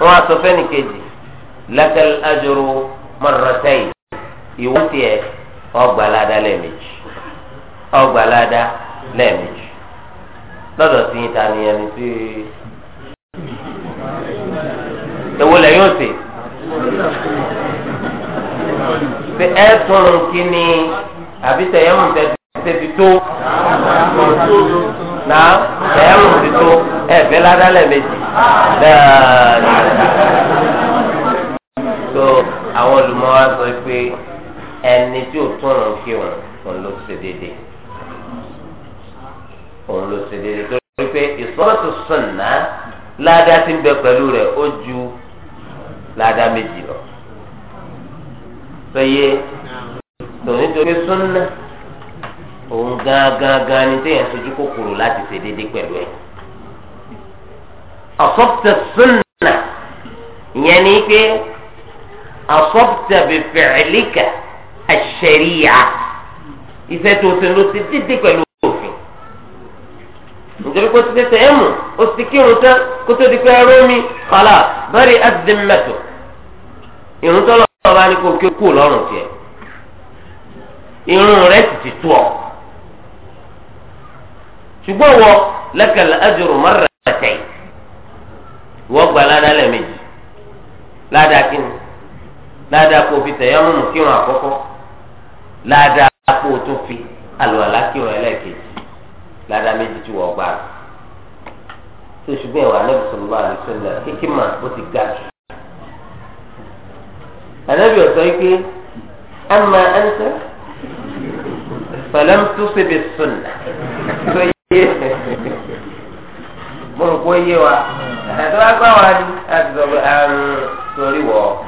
wa wọ́n sọ fẹ́ni kejì lakal ajru marratayn ìwọ tiẹ̀ ọgbàládá lẹ́ẹ̀mejì ọgbàládá lẹ́ẹ̀mejì lọ́dọ̀ sí yín ta ni ẹni tí èwo lẹ yóò sè ṣe ẹ tún kíni àbí tẹ̀yẹ́mù tẹ̀ fi tó náà tẹ̀yẹ́mù ti tó ẹ fẹ́ ládá lẹ́ẹ̀mejì dáadáa tó àwọn olùmọ̀ wa sọ pé ẹni tí ò tún òun kí òun òun ló ṣe déédéé òun ló ṣe déédéé torí pé ìsọ́tò sọ̀nà ládá tí ń bẹ pẹ̀lú rẹ̀ ó ju ládá méjì lọ sọyẹ tòun nítorí sọ́nà òun gángangán ni téèyàn sojú kòkòrò láti ṣe déédéé pẹ̀lú ẹ̀ ọ̀sọ́tò sọ̀nà ìyẹn ni pé asọ́bùtà bí fẹ̀ẹ́líkà àṣẹríyà iṣẹ́ tó ṣe ló ti dídí pẹ̀lú òfin nítorí pé títí tẹ̀ ẹ́ mú o sì kírun tán kó tó di pé ẹ rómi kọ́lá bẹ́ẹ̀rẹ̀ ẹ̀dínmẹ́tò ìrún tó lọ́wọ́ bá ní kó kí kú lọ́rùn tiẹ̀ irun rẹ̀ sì ti tó ọ ṣùgbọ́n wọ lẹ́kẹ̀lẹ́ ẹ̀dùrù mọ́rẹ̀ ẹ̀tẹ̀ wọ́n gba ládàá lẹ́ẹ̀mejì ládàá kí ládàá kó o fi tẹ̀yọ́mùmù kírun àkọ́kọ́ ládàá kó o tó fi àlùwàlá kírun ẹlẹ́ẹ̀kejì ládàá méjì tí wọ́n gbà rẹ̀ tó ṣùgbọ́n ìwà anábì sallallahu alaihi wasallam kíkí mà ó ti ga jù. anábì ọ̀sọ́ yìí pé amma anta falam tusib as-sunnah tó yé mo rò pé ó yé wa àtàwọn agbáwa ni àti sọ pé àrùn sórí wọ̀ ọ́.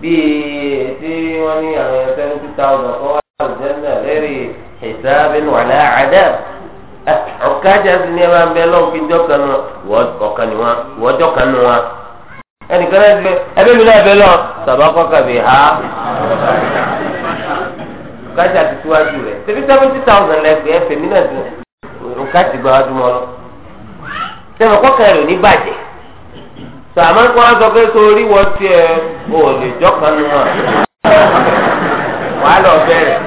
bíi tí wọ́n ní àwọn èèyàn seventy thousand kó wá àlùjẹ́nà lérí hisabin wala adab ọ̀kájà sí ní ẹ ń bẹ lọ́wọ́ fi jọ́kan nu ọ̀kan ni wọn wọ́jọ́ kan nu wọn. ẹnìkan náà ti bẹ ẹbí mi náà bẹ lọ sàbá ha náà ti sọ àmọ́ kí wọ́n sọ pé sórí wọ́n tiẹ̀ ò lè jọ́kan nù hàn wàá lọ bẹ̀rẹ̀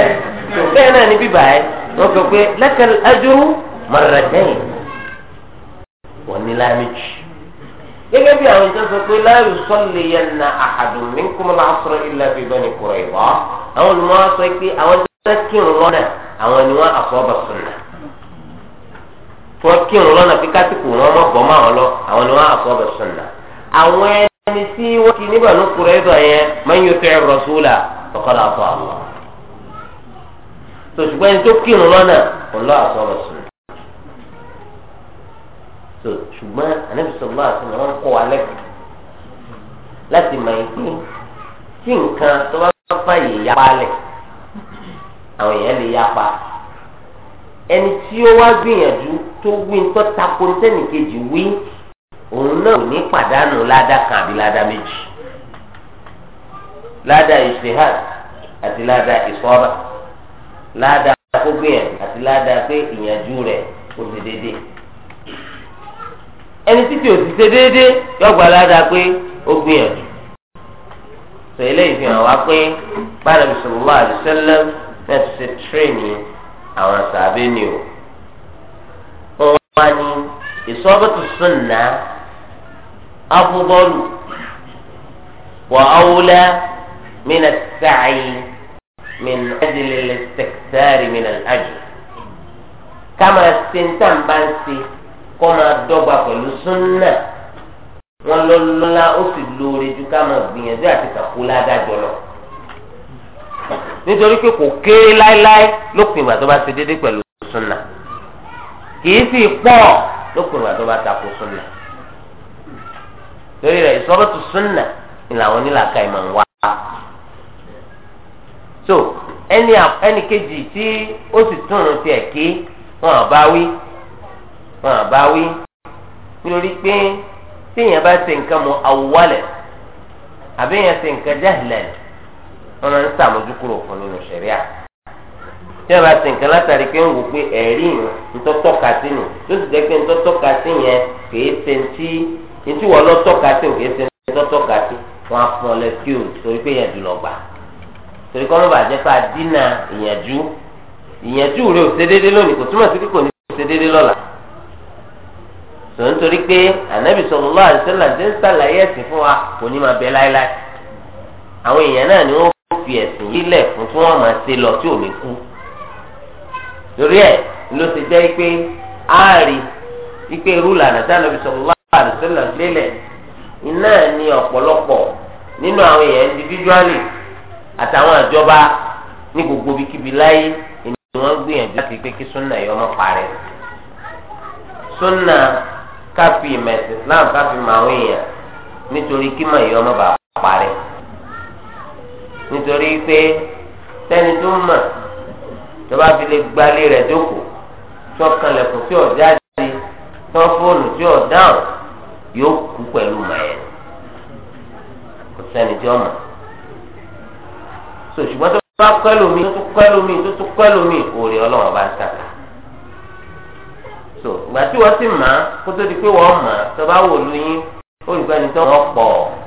ẹ̀ tó bẹ́ẹ̀ náà ní bíbá ẹ̀ wọ́n sọ pé lẹ́kẹ̀lẹ́ ajúrú mọ̀rẹ̀dẹ́yìn wọ́n ní láàmìjì gẹ́gẹ́ bí àwọn ìjọ sọ pé láàrú sọ́ọ̀lì yẹn na àhàdùn ní kúmọ̀lá sọ̀rọ̀ ilẹ̀ fi bẹ́ẹ̀ ni kúrò ìbọ̀ àwọn olùmọ̀ sọ pé àwọn ìjọ sọ kírun lọ́nà àwọn ni wọ́n àfọwọ́bà sọ̀rọ̀ tí wọ́n kírun lọ́nà pé kásìkò wọn mọ̀ bọ́ máa wọn lọ àwọn ni wọ́n á fọ́ bẹ̀ sùn nà. àwọn ẹni tí wọ́n ti níbà ló kúrò ẹ̀dọ̀ yẹn máa ń yọ fẹ́ rọ̀ṣúlà ọ̀kadà fọ́ àwọn. sòṣùgbọ́n ẹni tó kírun lọ́nà òun lọ́ àfọ́ bẹ̀ sùn. sòṣùgbọ́n ànábìsọ̀gbọ́n àti wọn kọ́ wa láti mọ ìpín tí nǹkan tó bá fà yìí yapa lẹ̀ ẹni tí ó wá gbìyànjú tó wí tó tako sẹ́nìkejì wí òun náà ò ní pàdánù ládàá kan àbí ládàá méjì ládàá ìṣèhàn àti ládàá ìsọ́ra ládàá kó gbìyànjú àti ládàá pé ìyànjú rẹ̀ ó ti dédé ẹni títí ò ti ṣe dédé yọgbà ládàá pé ó gbìyànjú sọ eléyìí fi hàn wá pé bá a lè sọ̀rọ̀ wá àdìsẹ́lẹ̀ náà ti ṣe tírèmì àwọn sàbẹ ni o wọn wá ní ìsọbẹtù sunna afúbọọlù wà áwùlẹ mina sàáyì min ajilele sẹkítàrì mina ajì kama sèntàmbá ń se kọ́ dọ́gba pẹ̀lú sunna wọn lọ lọ́la ó sì lóore ju ká gbìyànjú àti kàkó ládàjọ lọ nítorí pé kò kéré láéláé lópin ìgbà tó bá ṣe déédéé pẹ̀lú súnà kìí sì pọ̀ lópin ìgbà tó bá takò súnà torí rẹ̀ ìsọ́bọ̀tò súnà ni làwọn onílàka ìmọ̀ ń wá. so ẹni ẹni kejì tí ó sì túnrun tiẹ̀ kí wọn à bá wí wọn à bá wí nítorí pé téèyàn bá ṣe nǹkan mu àwòwálẹ̀ àbí èèyàn ṣe nǹkan jahlan wọn máa ń sàmójúkúrò fún nínú ṣẹ̀ríà tí wọn bá ti nǹkan látàrí pé ń wò pé ẹ̀rí ńtọ́ tọ́ka nù tó sì jẹ́ pé ńtọ́ tọ́ka yẹn kìí ṣe ntí ntí wọn lọ tọ́ka sí kìí ṣe ńtọ́ tọ́ka wọn fún ọ lẹ́kíù torí pé yẹn jùlọ gbà torí kọ́ ló ò ṣe déédéé lónìí kò túmọ̀ sí pé kò ní ṣe déédéé lọ́la ń torí pé ànábì fi ẹ̀sìn yìí lẹ̀ fún kí wọ́n máa ṣe lọ tí ò ní kú torí ẹ̀ ló ti jẹ́ pé áàrí wípé irú lànà tí Ànábì sallallahu alaihi wasallam lélẹ̀ iná ní ọ̀pọ̀lọpọ̀ nínú àwọn èèyàn individually àtàwọn àjọba ní gbogbo ibikíbi láyé ni wọ́n gbìyànjú láti pé kí súnà yọ ọmọ parẹ́ súnà káfí ìmẹ̀sì Islam káfí nítorí pé sẹ́ni tó mọ̀ tó bá fi lè gbalé rẹ̀ dóko tó kanlẹ̀kùn tí ọ̀dá àti tó fóònù tí ọ̀dá ọ̀ yóò kú pẹ̀lú màá kò sẹ́ni tí ó mọ̀ so ṣùgbọ́n tó bá kọ́ lómi tó tún kọ́ lómi tó tún kọ́ òòrè ọlọ́wọ́n bá ń so ìgbà tí wọ́n sì mọ̀ kó tó di pé wọ́n mọ̀ tó wò lóyún olùgbẹ́ni tó wọ́n pọ̀ ọ́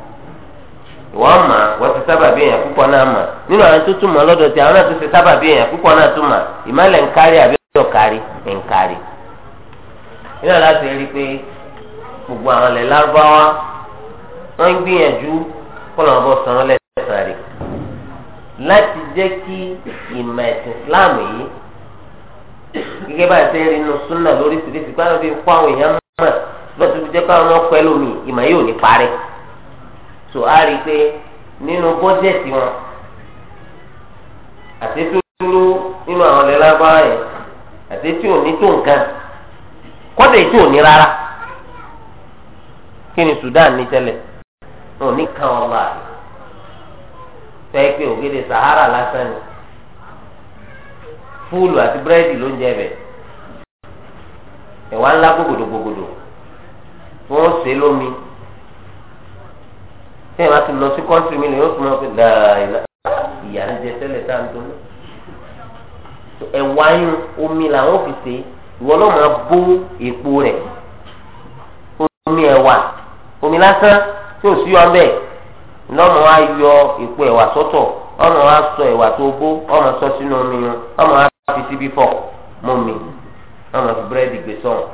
wọ́n mà wọ́n ti sábà bí èèyàn púpọ̀ náà mà nínú àwọn tó túmọ̀ lọ́dọ̀ tí àwọn náà tó ti sábà bí èèyàn púpọ̀ náà tó mà ìmọ̀lẹ̀ ń kárí àbí ọ̀dọ̀ kárí ń kárí. nínú láti rí i pé gbogbo àwọn ilẹ̀ lárúbáwá wọ́n ń gbìyànjú kọ́nà ọ̀bọ̀ san wọn lẹ́sàn-án rẹ̀ láti jẹ́ kí ìmọ̀ ẹ̀sìn Islam yìí gẹ́gẹ́ bá ṣe ń rí inú súnà lóríṣiríṣi pé àwọn fi ń kó so a rí i pé nínú bọ́jẹ̀tì wọn àti túrú nínú àwọn ilẹ̀ lágbára yẹn àti tí ò ní tó nǹkan kọ́dà tí ò ní rárá kí ni Sudan ní tẹ́lẹ̀ ò ní kan ọba rẹ̀ fẹ́ pé ògèdè Sahara lásán ni fúlù àti búrẹ́dì ló ń jẹ bẹ̀ ẹ̀wà ńlá wọ́n ṣe lómi. tí ìwà ti lọ sí kọ́ńtì mi lèyìn ó tún máa fi dàrá ìyá ń jẹ tẹ́lẹ̀ tá à ń dúró. ẹ̀wà yín omi làwọn fi ṣe ìwọ náà máa bó èpo rẹ̀ omi ẹ̀wà omi lásán tí ò sí yọ bẹ́ẹ̀ lọ́mọ wa yọ èpo ẹ̀wà sọ́tọ̀ ọmọ wa sọ ẹ̀wà tó bó ọmọ sọ sínú omi yẹn ọmọ wa fi síbí fọ̀ mọ́ mi ọmọ fi búrẹ́dì gbé sọ̀rọ̀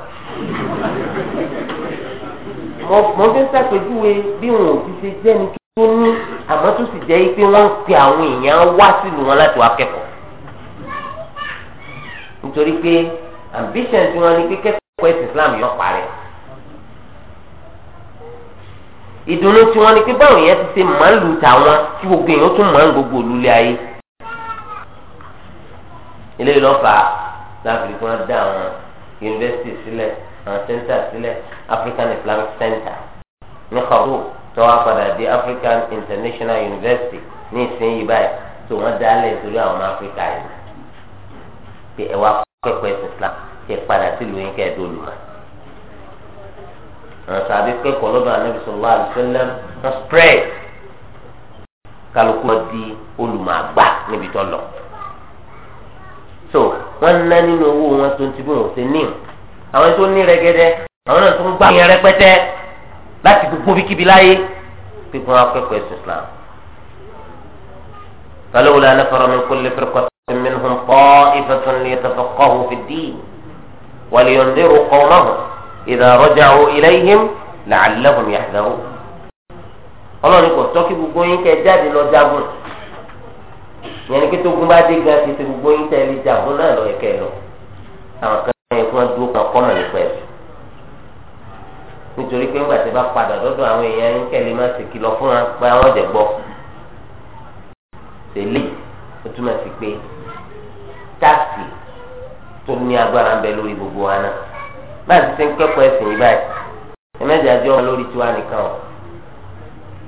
mo fi ń ṣàpèjúwe bí wọn ò ti ṣe jẹ́ni tó ní àmọ́ tó sì jẹ́ pé wọ́n ń pe àwọn èèyàn wá sílùú wọn láti wá kẹ́kọ̀ọ́ nítorí pé ambition tí wọ́n ní pé kẹ́kọ̀ọ́ ẹ̀sìn Islam yọ parẹ́ ìdùnnú tí wọ́n ní pé báwọn èèyàn ti ṣe máa ń lu tàwọn tí gbogbo èèyàn tún máa ń gbogbo olúlé ayé eléyìí lọ́fà láti fi wọ́n dá àwọn yunifásitì sílẹ̀ àwọn sẹ́ńtà sílẹ̀ African Islamic Center ní Khartoum tó wá padà dé African International University ní ìsinyìí báyìí tó wọ́n dálẹ̀ nítorí àwọn ọmọ Áfíríkà yìí pé ẹ wá kẹ́kọ̀ọ́ ẹ̀sìn Islam kẹ́ padà sílùú yín kẹ́ẹ̀dó olùmọ̀ àwọn sàbí kẹ́kọ̀ọ́ lọ́dọ̀ Ànábì sallallahu alaihi wasallam wọ́n spread kálukú di olùmọ̀ àgbà níbi tó lọ so wọ́n ná nínú owó wọn tó ń ti bí wọn ò ṣe níhùn àwọn tó ní rẹ́gẹ́dẹ́ àwọn náà tó ń gbà yẹn rẹpẹtẹ láti gbogbo bíkíbi láyé gbígbọn akẹ́kọ̀ọ́ ẹ̀sìn Islam. فلولا نفر من كل فرقة منهم طائفة ليتفقهوا في الدين ولينذروا قومهم إذا رجعوا إليهم لعلهم يحذرون ọlọ́run kò tọ́kí gbogbo yín kẹ́ jáde lọ jagun yẹn ni pé tó gun bá dé gan ti ti gbogbo yín tẹ́ tí wọ́n dúró kan kọ́nà lè pẹ́ nítorí pé ńgbà tí bá padà dọ́dọ̀ àwọn èèyàn ń kẹ́lé má sì kìlọ̀ fún wa pé àwọn ọ̀jẹ̀ gbọ́ tẹ́lẹ̀ ó túmọ̀ sí pé táàsì tó ní agbára ń bẹ lórí gbogbo wa náà báyìí ti ṣe ń kẹ́kọ̀ọ́ ẹ̀sìn yìí báyìí ẹ̀mẹ́jẹ̀ àjọ ọmọ lórí tiwa nìkan o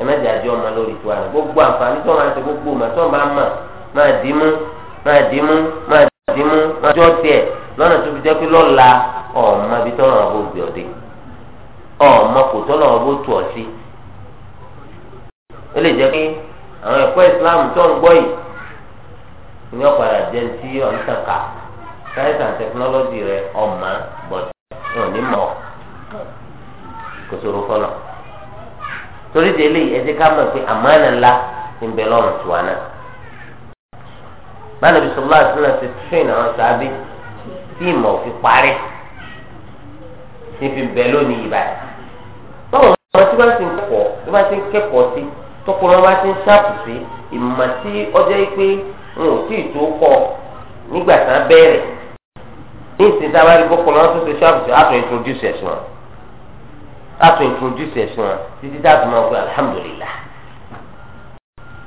ẹ̀mẹ́jẹ̀ àjọ ọmọ lórí tiwa nìkan gbogbo àǹfààní tó máa ń ṣe gbogbo màtọ́ máa ń mà máa dìímú máa dìímú máa dìímú máa jọ́ tiẹ̀ lọ́nà tó fi jẹ́ pé lọ́la ọ̀ọ́mọ ibi tọ́lọ̀ wọn bó gbé ọdẹ ọ̀ọ́mọ kò tọ́lọ̀ wọn bó tù ọ sí. ó lè jẹ́ pé àwọn ẹ̀kọ́ ìsìláàmù tó ń gbọ́ yìí ní ọ̀padà jẹ́ ti ọ̀ǹtàkà science and technology rẹ ọ̀mà bọ̀dọ̀ ẹ̀ ò ní mọ̀ kò sòrò fọlọ̀ torí de eléyìí ẹ jẹ́ ká mọ̀ pé àmánà ńlá ń bẹ lọ́rùn tiwa náà. bá a nàbì sọ̀rọ̀ láti tí ìmọ̀ òfin parẹ́ níbi bẹ́ẹ̀ lónìí ìbàdàn. báwo ni àwọn tí wọ́n ti ń kọ́ tí wọ́n ti ń kẹ́kọ̀ọ́ sí tọkùnrin wọn bá ti ń ṣàpù sí ìmọ̀ tí ọjọ́ yìí pé n ò tí ì tó kọ́ nígbà tá a bẹ̀rẹ̀ ní ìsìn tá a bá rí kọ́kùnrin wọn tó ṣe ṣàpù sí àtún introduce ẹ̀ sí wọn àtún introduce ẹ̀ wọn títí dáàbò máa gbé alhamdulillah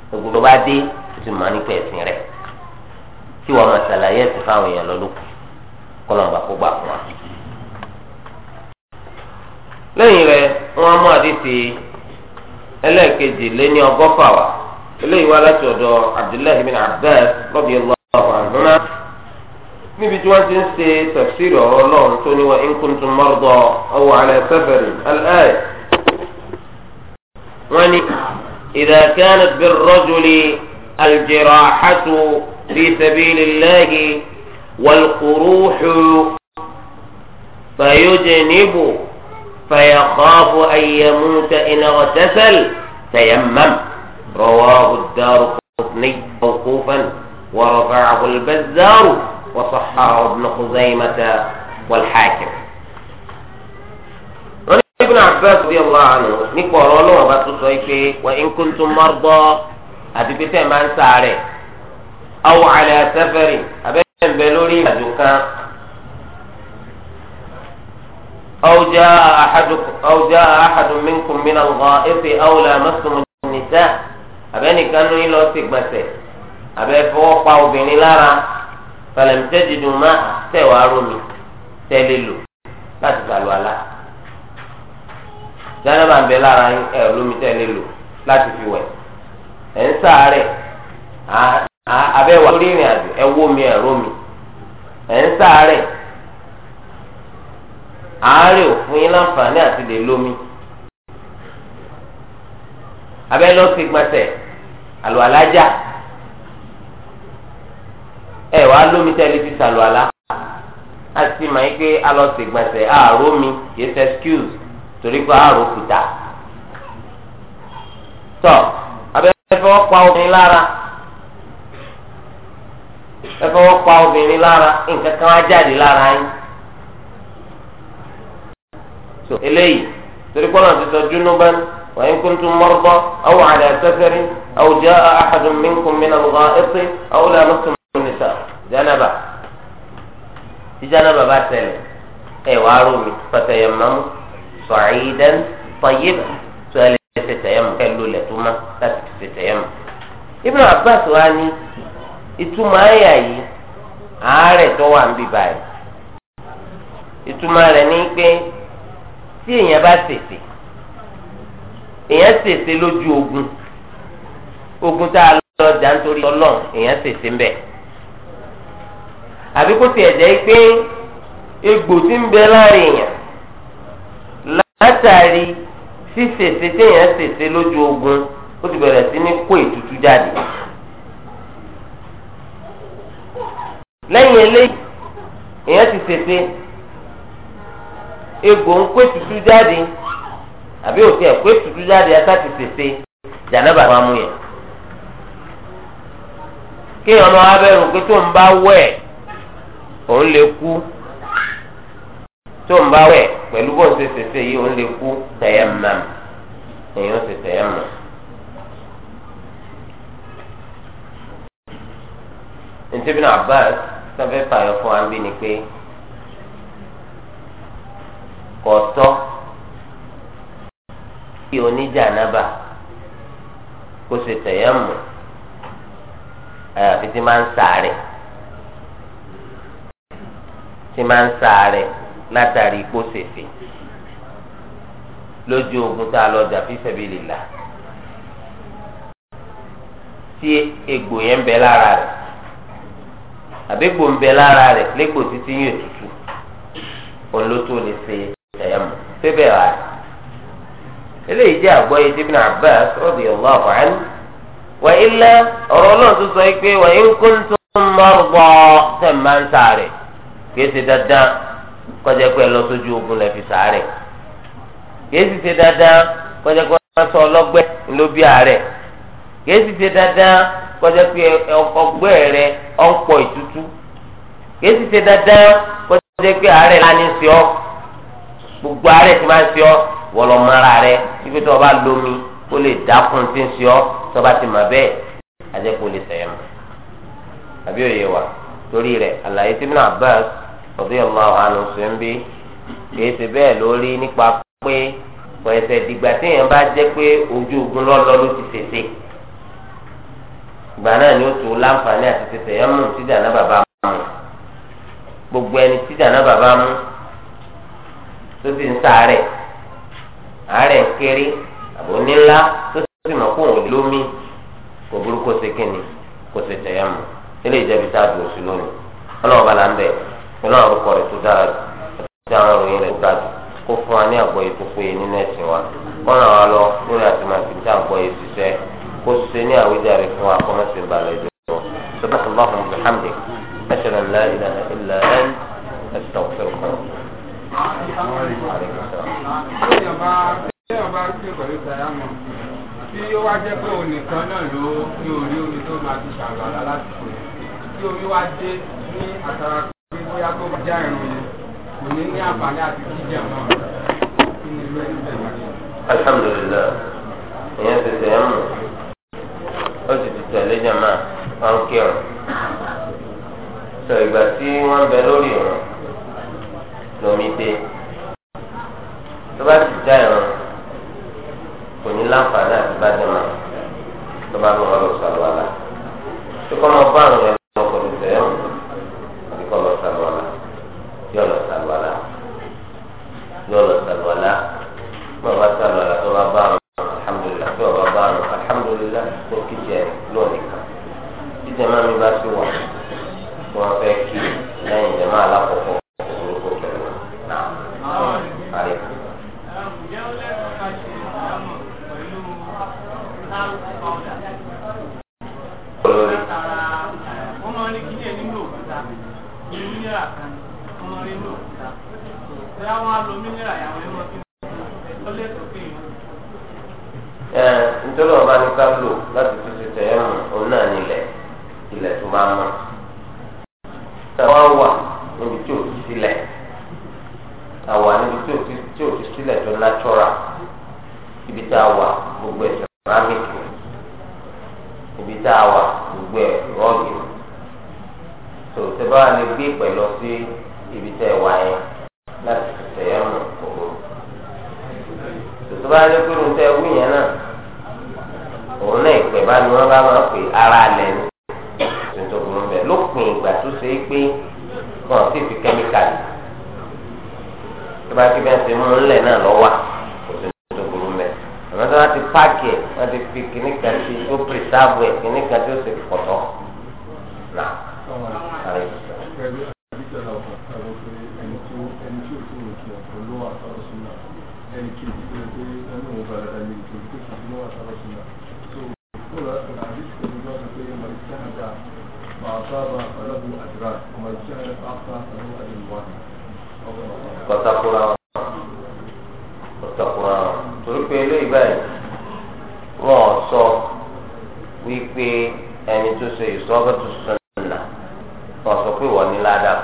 gbogbo bá dé o ti mọ̀ nípa ẹ̀sìn rẹ̀ kí wọ́n máa ṣàlàyé ẹ̀sìn fáwọn èèyàn lọ́lọ́kùn kọlọmọba kó gbà fún wa. lẹ́yìn rẹ̀ wọ́n á mú àdìsí ẹlẹ́ẹ̀kejì lé ní ọgọ́fà wa eléyìí wá láti ọ̀dọ̀ abdullahi bin abbas radiyallahu anhuma níbi tí wọ́n ti ń ṣe tafsiri ọ̀rọ̀ ọlọ́run tó ní wa in kuntum marda aw ala safarin al-aya. wọ́n ní idha kanat bir-rajuli al-jirahatu fi sabilillahi. والقروح فيجنب فيخاف أن يموت إن اغتسل تيمم رواه الدار قطني موقوفا ورفعه البزار وصححه ابن خزيمة والحاكم ابن عباس رضي الله عنه nípa ọ̀rọ̀ ọlọ́wọ́ صيفي وإن كنتم مرضى أبي pété máa ń أو على سفر أبي ẹ̀bẹ̀ lórí ìrìnàjò kan ọ̀jà àhàdùn mínkùn mí náà gan ẹ̀fẹ̀ àwòlà mọ́sùlùmí nìta àbẹ́nìkan ló ń lọ sí gbọ̀nsẹ̀ àbẹ́ fọwọ́ pa obìnrin lára fàlẹ́mìtẹ́jìdùn má tẹ̀wá rómi tẹ́lẹ̀ lò láti ṣàlùwàlá jẹ́nẹ́bà ń bẹ lára ẹ̀ lómi tẹ́lẹ̀ lò láti fi wẹ̀ ẹ̀ ń sàárẹ̀ abẹ́ wà lórí ìrìn àjò ẹ mi ẹ̀rọ mi ẹ̀ ń sáré àárẹ̀ ò láǹfààní àti lè lómi abẹ́ lọ sí gbọ̀nsẹ̀ àlùalájà ẹ wà lómi tẹ́lẹ̀ ti àti màá a sí gbọ̀nsẹ̀ àárò mi kìí ṣe torí pé kùtà tọ́ abẹ́ fẹ́ fọ́ pa obìnrin ẹ fọwọ́ pa obìnrin lára nǹkan kan á jáde lára yín. so eléyìí torí pọ́nà ti sọ junuban wọ́n in kuntum mọ́rọ́bọ́ aw ala safarin aw jaa ahadun minkum ẹ̀sẹ́ al-gha'iti aw lamastum an-nisa janaba tí janaba bá tẹ̀lé ẹ wàá rómi fatayammamu sa'idan tayyiban tó ẹ lè ṣe tẹ̀yẹ̀mù kẹ́ ló lẹ̀ tó má láti ṣe tẹ̀yẹ̀mù. Ibn Abbas wa ni. ìtumọ̀ àyà yìí àárẹ̀ tó wà ń bì báyìí ìtumọ̀ rẹ̀ ní pé tí èèyàn bá tètè èèyàn tètè lójú ogun ogun tá a lọ jà nítorí ọlọ́run èèyàn tètè ń bẹ̀ àbí kó tiẹ̀ jẹ́ pé egbò tí ń bẹ láàrin èèyàn látàrí ṣíṣèṣe téèyàn ṣèṣe lójú ogun ó ti bẹ̀rẹ̀ sí ní kó ètùtù jáde. eléyìí èèyàn ti ṣèṣe egbò ń pé tutù jáde àbí òtí ẹ̀ pé tutù jáde ata ti ṣèṣe jànábà máa mú yẹn kéèyàn lọ abẹ́rù pé tó ń bá wẹ̀ òun lè kú tó ń bá wẹ̀ pẹ̀lú bó ṣe ṣèṣe yìí òun lè kú tayammam èèyàn ṣe tayammam. ntẹ́bí náà Abbas sọfẹ́ fàyọ fún wa ń bí ni pé kọ̀tọ́ kí oníjànábà kó ṣe tẹ̀yẹ̀mù àyàfi tí máa ń sàárẹ̀ tí máa ń sàárẹ̀ látàrí ikó ṣèṣe lójú ogun tá a lọ jà fi sabilillah tí egbò yẹn ń bẹ lára rẹ̀. àbẹ́gbò ń lára rẹ̀ lẹ́gbò títí yóò tutù òun ló tó lè ṣe tayammum síbẹ̀ rà eléyìí jẹ́ àgbọ́yé tí Ibn wa illa ọ̀rọ̀ ọlọ́run tó sọ yìí pé wa in kuntum marda tẹ̀ máa ń sáré kìí ṣe dandan kọjá pé ogun sáré kìí ṣe dandan kọjá pé ọlọ́gbẹ́ bí kọjá pé ọgbẹ́ rẹ ọ̀ ń pọ̀ ìtútù kìí ti ṣe dandan kọjá pé àárẹ̀ la ní sí ọ gbogbo àárẹ̀ ti máa ń sí ọ wọlọ mara rẹ ibi tó o bá lómi ó lè dákun tí ń sí ọ tó o bá ti mà bẹ́ẹ̀ ajẹ́ kó lè sẹ̀yìn mọ́ àbí òye wa torí rẹ̀ àlàyé tí Ibn Abbas radiyallahu anhu ṣe ń bí kìí bẹ́ẹ̀ lórí nípa pé pẹ̀sẹ̀ dìgbà tí èèyàn bá jẹ́ pé ojú ogun lọ́lọ́ ló ti ṣèṣe. Gbanani otu ni ó tó láǹfààní àti tètè ẹ̀ mú gbogbo ẹni tí dáná bàbá mú tó ti ń sáré àárẹ̀ ń kéré àbò nílá tó sì mọ̀ kó òun lómi kò burúkú ṣe kíni kò ṣe ilé ìjẹ́bi tá a dùn sí lónìí ọlọ́wọ́ bá la ń bẹ̀ rẹ̀ tó dára kó ṣe ní àwíjàre fún wa kó má ṣe balẹ̀ jù lọ. سبحان الله وبحمده أشهد أن لا إله إلا أنت أستغفرك وعليكم السلام téèyàn bá ṣe pẹ̀lú sàyámọ̀ tí ó wá jẹ́ pé òun nìkan náà ló ní orí omi tó máa fi ṣàlùwàlá lásìkò yẹn tí omi wá dé ní àtàrà pé bóyá tó bá já ìrùn yẹn kò ní ní àǹfààní àti jíjẹ náà kí ni ìlú ẹni bẹ̀rẹ̀. alhamdulilayi ìyẹn ti sẹ́yìn mọ̀ tẹ̀lé jama wọn kí ọ sọ ìgbà tí wọn bẹ lórí ọ̀rọ̀ lomi dé tó bá ti já ìrọ̀ kò ní láǹfààní àti bá jama tó bá lọ lọ sọ àlọ́ àlá tó kọ́ máa bá àwọn ẹ̀ lọ pẹ̀lú tẹ̀yọ̀ àti kọ́ lọ sọ àlọ́ àlá yọ lọ sọ àlọ́ àlá yọ lọ sọ àlọ́ àlá má sọ àlọ́ travel ẹ̀ kíní kan tí ó sì pọ̀tọ́. Nà àrẹ ìṣẹ́. Kọ̀tàkùrà kọ̀tàkùrà torí pé eléyìí báyìí wọ́n sọ. wípé ẹni tó ṣe ìṣọ́gbọ́n tó sọ̀nà wọ́n sọ pé wọ́n ní ládàá.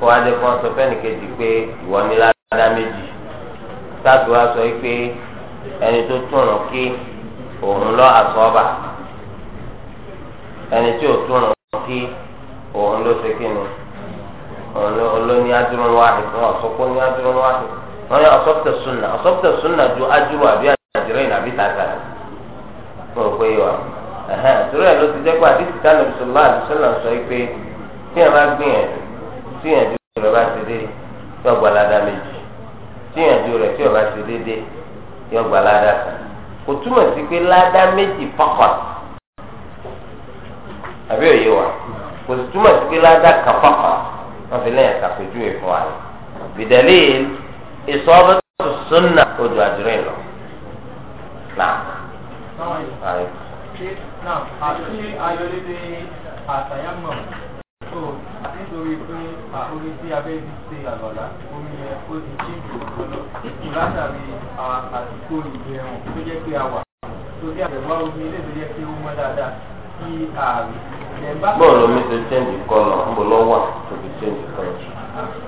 kó adé kan sọ fẹ́ni kejì pé ìwọ ládàá méjì sáàtù wa sọ ẹni tó kí òun lọ àsọ́ọ̀bà ẹni tí ò túnrun kí òun ló ṣe kí ni òun ló wọ́n yẹ ọ̀sọ́pítọ̀ sunna ọ̀sọ́pítọ̀ sunna ju ajúrò àbí àjẹrẹ́ ìnà àbí tààtà mo rò pé yọ torí ẹ̀ ló ti jẹ́ pé àdìsí tá nàbì sọ̀rọ̀ láàbì sọ̀rọ̀ pé tí bá gbìyànjú tí ìyànjú rẹ̀ bá ti dé yọ gbalada méjì tí ìyànjú rẹ̀ tí ọ̀ bá ti dé dé yọ gbalada kan kò túmọ̀ sí pé ládá méjì ìsọ̀bù sunna ojú àdúrà ìlọ. Náà. Náà àti ayọ̀lédè àtàyàmọ̀ tó nítorí pé orí tí abẹ́ ti ṣe àgbàlá omi yẹn ó ti jí ìgbòho lọ látàrí àsìkò ìgbẹ̀rùn tó jẹ́ pé a wà torí àbẹ̀wá omi ilé tó jẹ́ pé ó mọ́ dáadáa kí ààrùn. Bọ́ọ̀lù omi ti ṣẹ́ǹdì kọ́nà ń bọ̀ lọ́wọ́ àti ti ṣẹ́ǹdì kọ́nà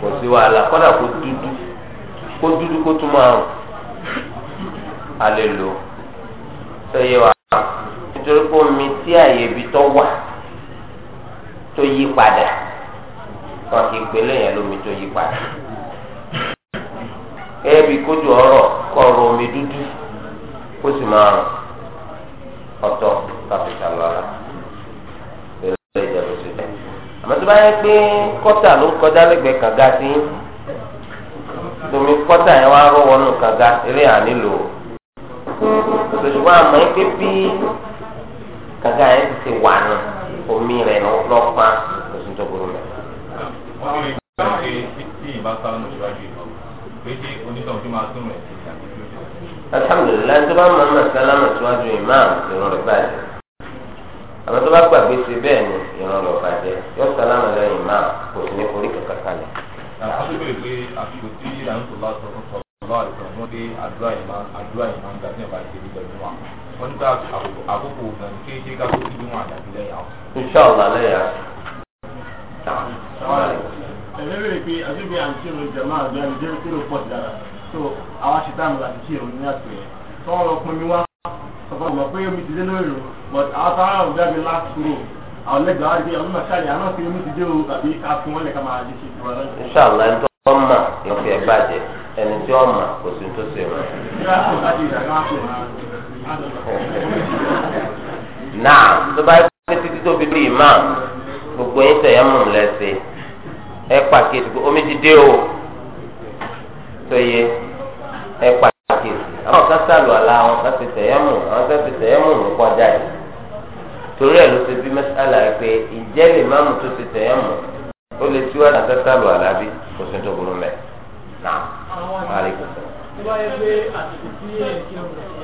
kò sí wàhálà kọ́dà kó dúdú kó dúdú kó tún máa hàn a lè lò ó ṣe yé wa nítorí pé omi tí àyè ibi tó wà tó yí padà wọn kì í pè lẹ́yìn lómi tó yí padà gẹ́gẹ́ bí kójú ọ̀rọ̀ kọ́ ọ̀rọ̀ omi dúdú kó sì máa rùn ọ̀tọ̀ kápẹ́tà lọ́la àmọ́ tó bá yẹ pé kọ́tà ló kọjá lẹ́gbẹ̀ẹ́ kànga sí tòmí kọ́tà yẹn wá rọ́ wọnú kànga eré ànílò tòṣùgbọ́n àmọ́ yẹ pé bí kànga yẹn ti ṣe wà nù omi rẹ̀ lọ́pàá oṣù tó burú mẹ́. alhamdulilayi tó bá mọ̀ ọ́n náà sálámà síwájú ìmáà ìrọ̀rẹ́ báyìí àmọ́ tó bá gbàgbé ṣe bẹ́ẹ̀ ni ìran lọ bàjẹ́ yóò sálámà lẹ́yìn máa kò sí ní orí kankan kalẹ̀. àṣìṣe pé àṣìṣe tí ìdáhùn tó lásán sọ lọ́wọ́ àdìsàn wọn dé àdúrà yìí máa ń gbà ní ọ̀bà ìṣèlú pẹ̀lú wa wọ́n ní ká àkókò ògùn àti kéèké ká tó kí bí wọ́n àdàbí lẹ́yìn àwọn. inṣàlá lẹ́yìn àwọn. ẹ̀rẹ́ pé àṣìṣe ọmọ pé omi ti dé lórí o but àwọn tó ara òjá mi last row àwọn lẹ́gbẹ̀ẹ́ wa gbé ọdún o àbí ká fún wọn lẹ́ka máa di ṣe ìtura lọ́jọ́. inṣàlá ẹni tó wọ́n mọ̀ ló fi ẹ̀ ẹni tí wọ́n mọ̀ kò sí tó ṣe wọn. náà tó bá títí tó fi lóye máa gbogbo yín tẹ̀yẹ́ mú un lẹ́sẹ̀ ẹ pàkíyèsí omi ti dé o tó yẹ ẹ pàkíyèsí àwọn kan sàlù àlà àwọn kan ti tẹ̀yẹ́mù àwọn kan ti tẹ̀yẹ́mù ní kọjá yìí torí ẹ̀ ló ti bí mẹ́sàlá yìí pé ìjẹ́ lè má mú tó ti tẹ̀yẹ́mù ó lè tí wọ́n kan sàlù àlà bí kò sí tó burú mẹ́ náà wà á lè kó tí wọ́n yẹ pé àtìkù tí ẹ̀ kí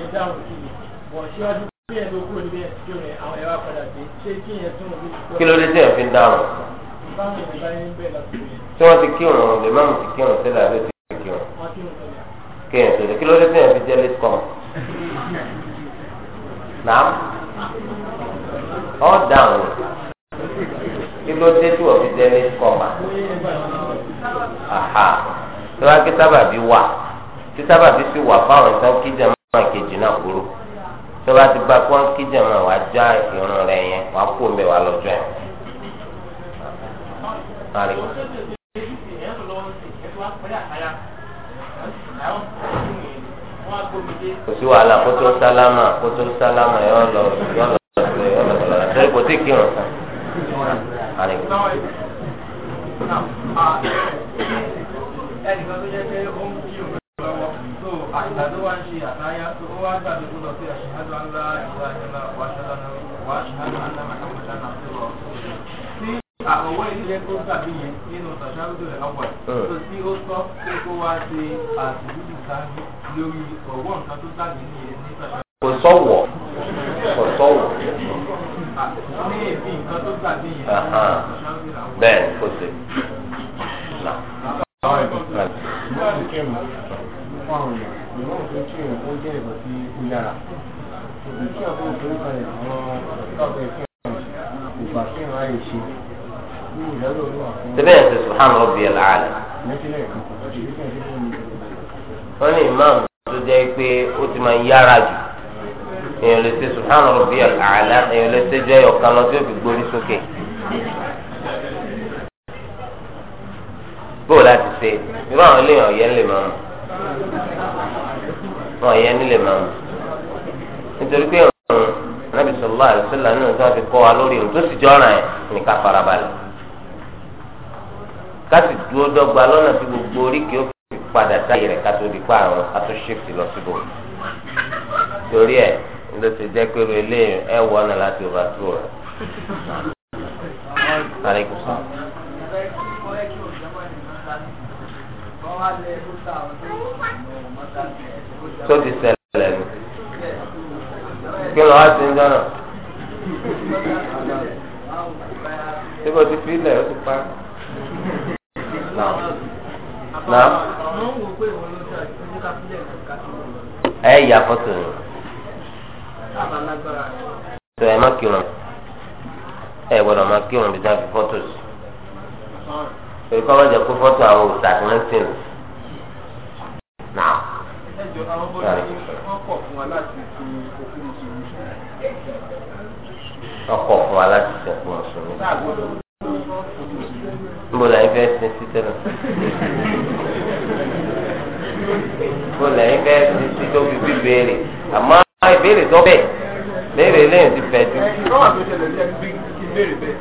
ẹ̀ dáhùn sí mi wọ̀ síwájú kí ẹ̀ ló kúrò níbẹ̀ kí ẹ̀ àwọn ẹ̀ padà dé ṣé kí ẹ̀ tún òbí ti tọ́. kí ló dé tí ẹ̀ fi ń dáhùn. tí wọ́n ti kírun lè má ti kírun sílẹ̀ àbí ti kírun. wọ́n kírun kéèyàn tó lè kí ló dé kéèyàn fi jẹ́ late com nàá ọ̀ dáhùn kí ló dé tí wọ́n fi jẹ́ late com àhà tí wọ́n á ké sábàbí wà tí sábàbí sì wà fáwọn ìtàn kíjà máa kejì náà kúrò tí wọ́n bá ti gba kí wọ́n kíjà máa wá já ìrun rẹ̀ yẹn wá kó mẹ́wàá lọ́jọ́ yẹn parí kò sí wàhálà kótó sálámà kótó sálámà yọ lọ yọ lọ sọsọ yọ lọ sọlá sọrí kò sí kírun sàn. ẹnìkan tó yẹ pé ó ń kírun lọ́wọ́ àkọwé ilé tó tàbí yẹn nínú sàṣàrùdò rẹ̀ ọ̀pọ̀ tó tí ó sọ pé kó wá ṣe àtìlúdì sáájú lórí ọ̀wọ́ nǹkan tó tàbí yẹn ní sàṣàrùdò. kò sọ̀wọ̀ kò sọ̀wọ̀. ní èmi nǹkan tó tàbí yẹn ní sàṣàrùdò rẹ̀ ọ̀pọ̀. bẹ́ẹ̀ kò sí. Ìjọba ìjọba ìjọba ìjọba ìjọba subhan rabbiyal aala. wọ́n ní ìmáàmù tó jẹ́ pé ó ti máa ń yára jù èèyàn lè ṣe ala èèyàn lè ṣe jẹ́ ọ̀kan lọ tí ó fi gbórí sókè. bóò láti ṣe irú àwọn máa mú ọ̀yẹ́ máa mú nítorí pé anábìsọ̀lá nínú tí wọ́n fi kọ́ wa lórí ohun tó sì kásì dúró dọ́gba lọ́nà tí gbogbo oríkèé òfin padà sáyé rẹ̀ kátó di pa àrùn kátó ṣèfì lọ síbò torí ẹ̀ ló ti jẹ́ pé eléyìí ẹ̀ wọ́n náà láti overthrow rẹ̀. tó ti ṣẹlẹ̀ ni kí ló wá sí ń dáná síbò ti fi ilẹ̀ ó ti pa náà. ẹ yà fọ́tò yìí tó ẹ má kírun ẹ gbọ́dọ̀ má kírun bí sáfi fọ́tò sí èyí kọ́ lọ́jà kó fọ́tò àwọn òòsà tí wọ́n ń sìn náà. ẹ jọ àwọn bọ́lá fún wa láti fi òkú mùsùlùmí níbo la yín fẹ́ sin sí tẹ́lẹ̀ níbo la yín fẹ́ sin sí tó fi bí béèrè àmọ́ ìbéèrè tó bẹ̀ béèrè lẹ́yìn ti fẹ́ jù. ẹ̀yin lọ́wọ́ àti ìṣẹ̀lẹ̀ ní ẹbí ti béèrè bẹ́ẹ̀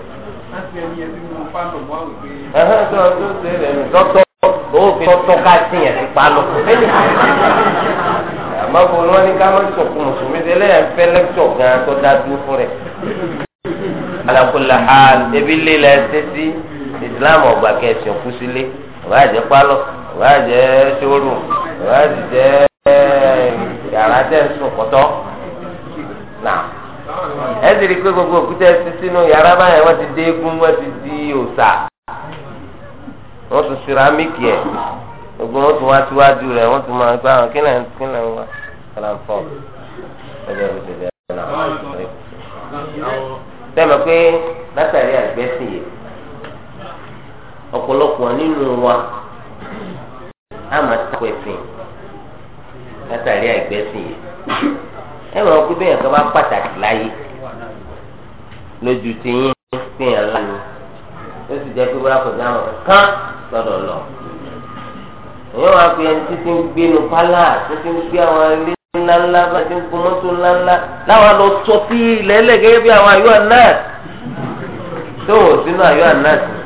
láti ẹni ẹbí mú pálọ̀ mọ́ àwọn ìgbé. ẹ̀hán tó kò ní wọ́n ní ká má sọ̀kun mùsùlùmí ẹlẹ́yà gan-an tó dá fún rẹ̀. alákòlá ha ebi lé la ẹsẹ̀ islam ọgbà kẹsìn kú sílé ọba àjẹ pálọ ọba àjẹ ṣòro ọba àjẹ yàrá tẹsán kọtọ náà ẹ sì rí i pé gbogbo òkúta ẹsẹ sínú yàrá báyẹn wọn ti dé eégún wọn ti di òòṣà wọn tún sírámìkì ẹ gbogbo wọn tún wá síwájú rẹ wọn tún máa gbá wọn kí náà kí náà wá kàlà ọjọ́ ìṣẹ̀lẹ̀ náà. sẹ́mi pé látàrí àgbẹ̀sìn yìí ọ̀pọ̀lọpọ̀ nínú wa á máa tako ẹ̀sìn látàrí àìgbẹ́sìn yìí ẹ mọ̀ pé bẹ́ẹ̀ kan bá pàtàkì láyé lójú ti yín fihàn lánàá ó sì jẹ́ pé bóyá kò dáhùn kán lọ́dọ̀ lọ. èèyàn wá pé ẹni títí ń gbénu pálá títí ń gbé àwọn ilé ńláńlá bá ti ń gbó mọ́tò ńláńlá láwọn lọ sọ sí ilẹ̀ ẹlẹ́gẹ́gẹ́ bí àwọn àyọ̀ náà tó wò sínú àyọ̀ náà sí.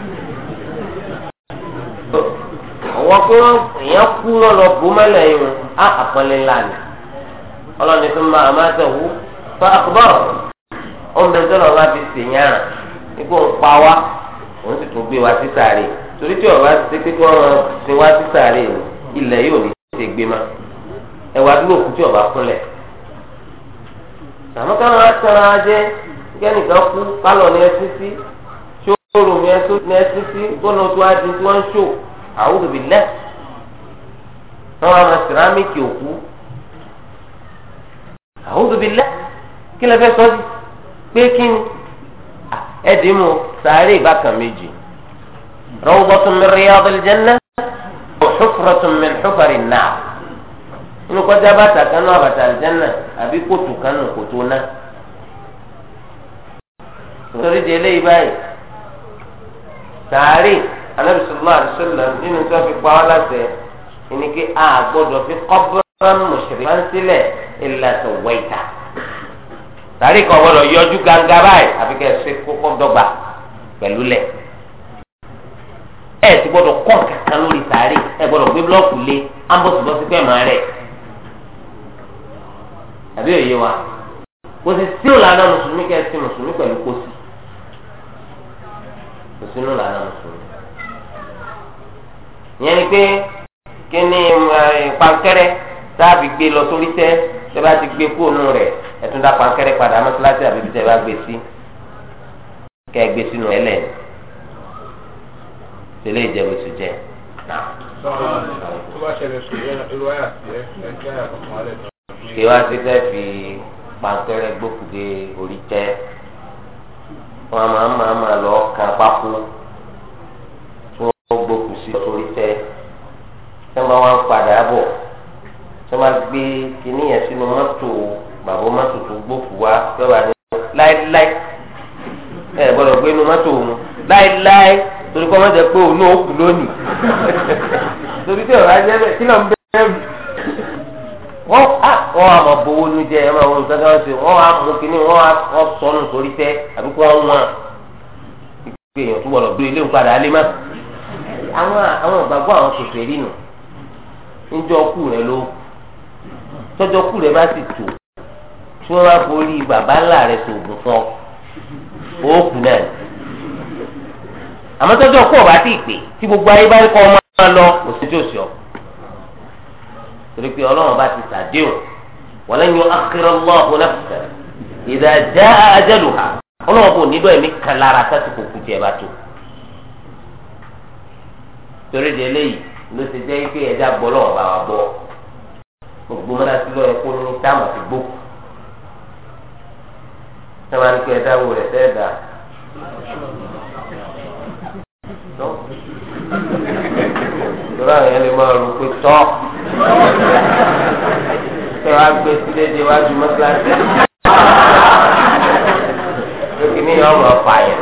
àwọn pé wọn èèyàn kú lọlọ bó mẹlẹ yìí wọn á àpọnlé lánàá ọlọ́ni tó máa máa tẹ̀wó fún akọbọ̀rọ̀ ó ń bẹ sọ́nà wá fi sèyàn nígbà ń pa wá òun sì tún gbé wá sí sàárè ti pé kí wọn ti wá sí sàárè ilẹ̀ yóò ní ma dúró kú tí kúnlẹ̀ àmọ́ káwọn á tẹ̀ra jẹ́ kí ẹnìkan kú tóòrò mi ẹtú ní ẹtú sí gbọ́dọ̀ tó adi tí wọ́n ń ṣò àwùjọ bí lẹ́ wọ́n wá ma sìrámìkì òkú àwùjọ bí lẹ́ kí lè fẹ́ sọ di pé kí ni ẹ̀dín mu sàárè ìbákan méjì rawdatun min riyadil jannah wa hufratun min hufarin nar inú kọjá bàtà kanú àbàtà àlìjánà àbí kòtò kanú kòtò náà. torí di eléyìí báyìí sàárè anabi sallallahu alaihi wasallam nínú tí wọn fi pa wọn láṣẹ ẹni pé a gbọ́dọ̀ fi qabran mushrikan sílẹ̀ illa sawaita sàárè kan gbọ́dọ̀ yọjú ganga báyìí àfi kẹ ṣe kókó dọ́gba pẹ̀lú lẹ ẹ ti gbọ́dọ̀ kọ kankan lórí sàárè ẹ gbọ́dọ̀ gbé blọọkù lé ambọsibọsi pẹ mọ rẹ àbí òye wa kò sì sí òlànà mùsùlùmí kẹ ẹ sí mùsùlùmí pẹ̀lú kò kò sínú ìlànà mùsùlùmí. ìyẹn ni pé kí ni pankẹ́rẹ́ táàbì gbé lọ sórí tẹ́ tẹ́ bá ti gbé fóònù rẹ̀ ẹ̀tún dá pankẹ́rẹ́ padà mọ́sálásí àbí tẹ́ bá gbé sí kẹ́ ẹ gbé sínú ẹlẹ́ tẹ́lẹ̀ ìjẹ́bù tó jẹ́ náà. kí wá sí fẹ́ fi pankẹ́rẹ́ gbókùdé orí tẹ́ wọn máa ń máa máa lọ kan pákó tí wọn gbókùn sí sórí tẹ tí wọn bá wọn padà bọ̀ tí wọn bá gbé kinní yẹn sínú mọ́tò bàbá mọ́tò tó gbókùn wá tí wọn bá ní láéláé ẹ gbọ́dọ̀ gbé inú mọ́tò òun láéláé torí kọ́ mọ́tò pé òun náà ó kú lónìí torí tí ọ̀rọ̀ ajẹ́ bẹ́ẹ̀ kí ló ń bẹ́ẹ̀ bẹ́ẹ̀. wọ́n á wọ́n á mọ̀ bowó nu jẹ́ ẹ̀ máa wọ́n nǹkan wọ́n á mú kínní wọ́n á sọ sọnù sórí tẹ́ àbí kó wọ́n wọ́n ìgbé èèyàn tó gbọ́dọ̀ gbé ilé nípadà alẹ́ má. àwọn àwọn ìgbàgbọ́ àwọn kẹfẹ́ rí nù níjọ́ kú rẹ̀ ló bá sì tò tí bá borí bàbá ńlá tó fún ọ ó kù náà àmọ́ tọ́jọ́ ti pè tí gbogbo ayé bá kọ́ torí pé ọlọ́run bá ti sàdéhùn walan yu'akhkhira Allahu nafsan idha jaa ajaluha ọlọ́run kò nílò ẹ̀mí kan lára sásìkò kù tiẹ̀ bá tó torí de eléyìí ló ti jẹ́ pé ẹja gbọ́ lọ́wọ́ bá wa gbọ́ gbogbo mọ́ra sí lọ́ọ́ ẹ̀kọ́ ní táwọn ti gbó sábà ní kí ẹja wo rẹ̀ fẹ́ dà tọ́ lọ́wọ́ àwọn yẹn máa rò pé tọ́ ẹ wá gbé sílé dé wájú mọ́sálásí lókè ní ọmọ ọ̀fà yẹn.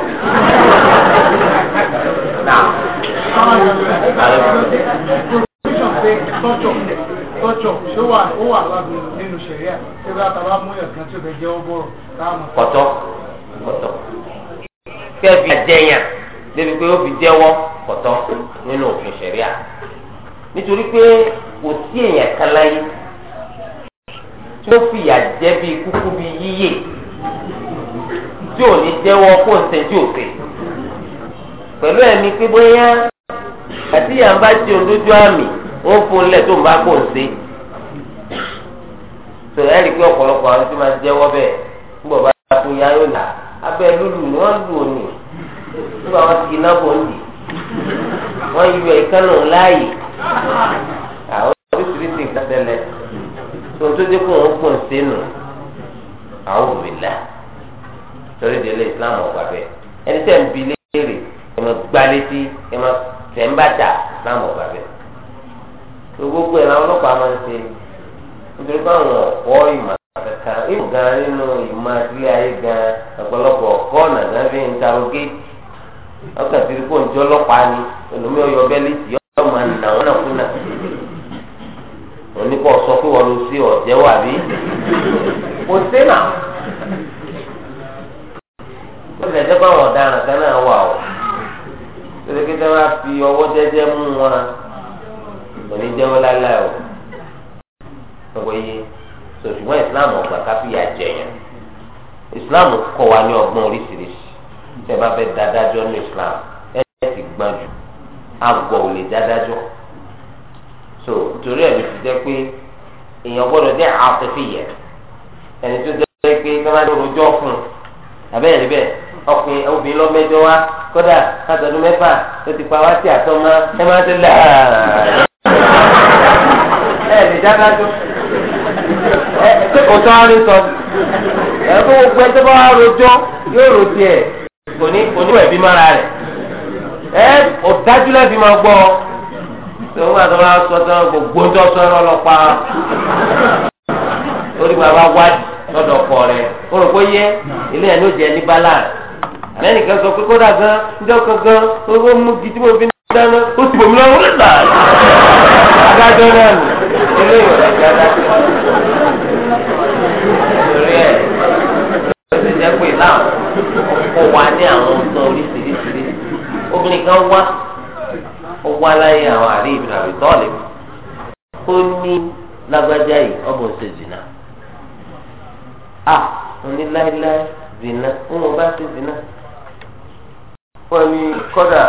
Kọ̀tọ́ kọ̀tọ́ kẹ́ẹ̀fì àjẹyàn débi pé ó fi jẹ́wọ́ kọ̀tọ́ nínú òfin ṣẹ̀ríà nítorí pé kò sí èèyàn kan láyé tí ó fìyà jẹ bíi kúkú bíi yíyè tí ò ní jẹ́wọ́ kó ń ṣe tí ò fẹ́ pẹ̀lú ẹ̀mí pé bóyá àti ìyá ń bá ti olójú àmì ó fún lẹ̀ tó ń bá kò ń ṣe tó ẹ rí i pé ọ̀pọ̀lọpọ̀ àwọn tó máa jẹ́wọ́ bẹ́ẹ̀ nígbà bá a kó yóò là abẹ́ lulu ni wọ́n lù òní nígbà wọn ti iná bọ̀ ń dì wọ́n yọ ìkànnì láàyè. àwọn oríṣiríṣi nǹkan tẹ́lẹ̀ tó tó dé kó òun kùn sínú àwọn òbílà torí délé islam ọgbà bẹ́ẹ̀ ẹni tẹ́ ń bi léèrè ẹ máa gbá ẹ máa tẹ̀ islam ọgbà bẹ́ẹ̀ gbogbo ẹ̀ làwọn ọlọ́pàá máa ń ṣe nítorí báwọn ọ̀pọ̀ ìmọ̀ ìmọ̀ gan nínú ìmọ̀ ilé ayé gan ọ̀pọ̀lọpọ̀ gan fi ń tarogéètì ọkàn tí kò ń jọ yóò máa nà wọn nàkú nà oníkọ sọ pé wọn lọ sí ọjẹ wà bí kò sí nà ó lè jẹ́ pé àwọn ọ̀daràn kan náà wà ó torí pé táwọn á fi ọwọ́ jẹ́jẹ́ mú wọn kò jẹ́wọ́ láéláé o ọgbọ yé sòṣùgbọ́n ìsìláàmù ọgbà káfíà jẹyàn ìsìláàmù kọ́ wa ní ọgbọ́n oríṣiríṣi tẹ́ bá fẹ́ dáadáa jọ ní ìsìláàmù ẹ̀ ẹ́ ti gbọ́n jù agbọ̀ ò lè dádájọ́ so nítorí ẹ̀ ló ti jẹ́ pé èèyàn gbọ́dọ̀ jẹ́ àtẹ̀fẹ̀yẹ ẹni tó jẹ́ pé tọ́lá ní orojọ́ fún un àbẹ́rẹ́ níbẹ̀ ọkùnrin obìnrin lọ́mẹjọ wa kódà látọdún mẹ́fà ló ti pa wá sí àtọ́mọ́ ẹ máa ti là ẹ lè dádájọ́ ẹ ṣé kò tán á rí sọ ẹ kó gbogbo ẹ tó bá rojọ́ yóò rojọ́ ẹ kò ní kò ní wẹ̀ bí mára rẹ̀ ẹ ọ̀dájú láti máa gbọ́ tó ń gbàdúrà sọ tó ń gbogbo tó sọ ẹ lọ́lọ́pàá lórí bàbá wádìí lọ́dọ̀ ọkọ rẹ̀ kó rò pé yẹ ilé ẹ̀ ló jẹ́ ní balance lẹ́nìkan sọ pé kódà gan ǹjọ́ kan gan ó mú gidi mo fi ní dáná ó sì bòmí lọ́wọ́ lẹ́la adájọ́ náà nù ilé ìwọ̀n ẹ̀jẹ̀ adájọ́ torí ẹ̀ ló ti pé náà kó wa ní àwọn ọ̀sán orí obìnrin kan wá ó wá láyé àwọn àrí tọ́ọ̀lì ó ní lágbájá yìí zina a ah, òní láéláé zina òun bá ṣe zina wọ́n kọ́dà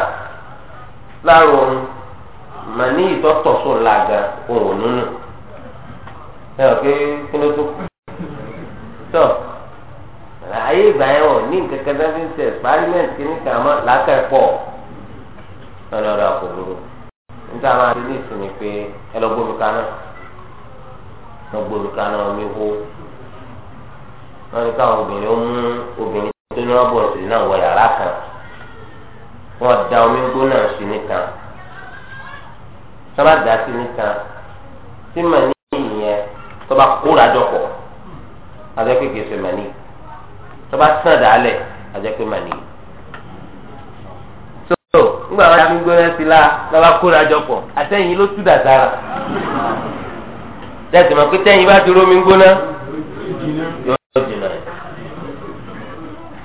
láàrọ̀ òun mà ní ìtọ́tọ̀sùn làgà òun nínú ẹ ọ̀ pé kí ló tó kù ìgbà yẹn ní nǹkan kan ọlọ́dọ̀ àkókòrò níta máa rí ní ìsinmi pé ẹ lọ omi hó wọn ní káwọn obìnrin ó mú obìnrin tó ní rọ́bọ̀ sí náà wọ yàrá kan wọn da omi gbóná sí n'ita sábà dá sí nìkan tí mà ní ìyẹn kóra jọpọ̀ àjẹpẹ́ kìí ṣe mà ní tó bá nígbà wọn yàmi gbóná sí la lọba kóra jọ pọ̀ àtẹ̀yìn ló tú dàtara dẹ́sẹ̀ mọ̀ pé tẹ́yìn bá ti rómi gbóná yóò jìnnà ẹ̀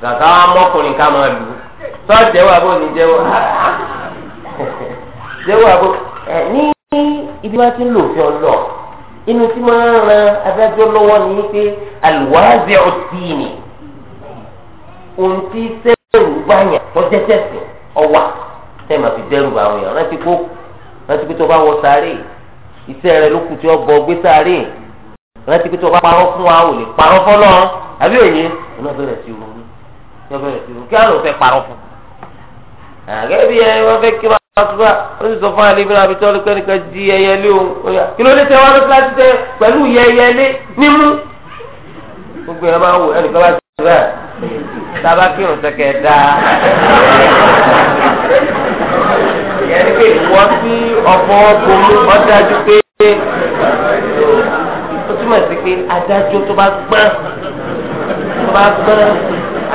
kàkà wọn mọkùnrin ká máa lù ú tọ́ jẹ́wọ́ àbò ní jẹ́wọ́ jẹ́wọ́ àbò ní ibi wọn ti ń lò fi ọlọ inú tí wọn ran adájọ́ lọ́wọ́ ni pé àlùwáàzẹ ọtí ni ohun tí sẹ́yìn gbàyàn tó jẹ́ tẹ̀sìn ọwà tẹ́ ma fi dẹ́rù bá àwọn èèyàn rántí kó rántí pé tó bá wọ sáré iṣẹ́ rẹ ló kù tí ó gbọ́ gbé sáré rántí pé tó bá parọ́ fún wa ò lè parọ́ fọ́lọ́ àbí òye iná bẹ̀rẹ̀ sí ronú iná bẹ̀rẹ̀ sí ronú kí àlọ́ fẹ́ parọ́ fún. àgẹ́ bí ẹ wọ́n fẹ́ kí wọ́n bá tó bá ó sì sọ fún àlẹ́ ìbílẹ̀ àbí tọ́lú kẹ́nìkan di ẹyẹ lé òun kí ló dé tẹ wá lọ́sí láti tẹ pẹ̀lú ìyẹ ẹyẹ lé nímú. gbogbo ẹ máa wò ẹnìkan ẹni pé wọ́n sí ọ̀pọ̀ bomú ọ̀dájú pé ó túmọ̀ sí pé adájọ́ tó bá gbọ́n tó bá gbọ́n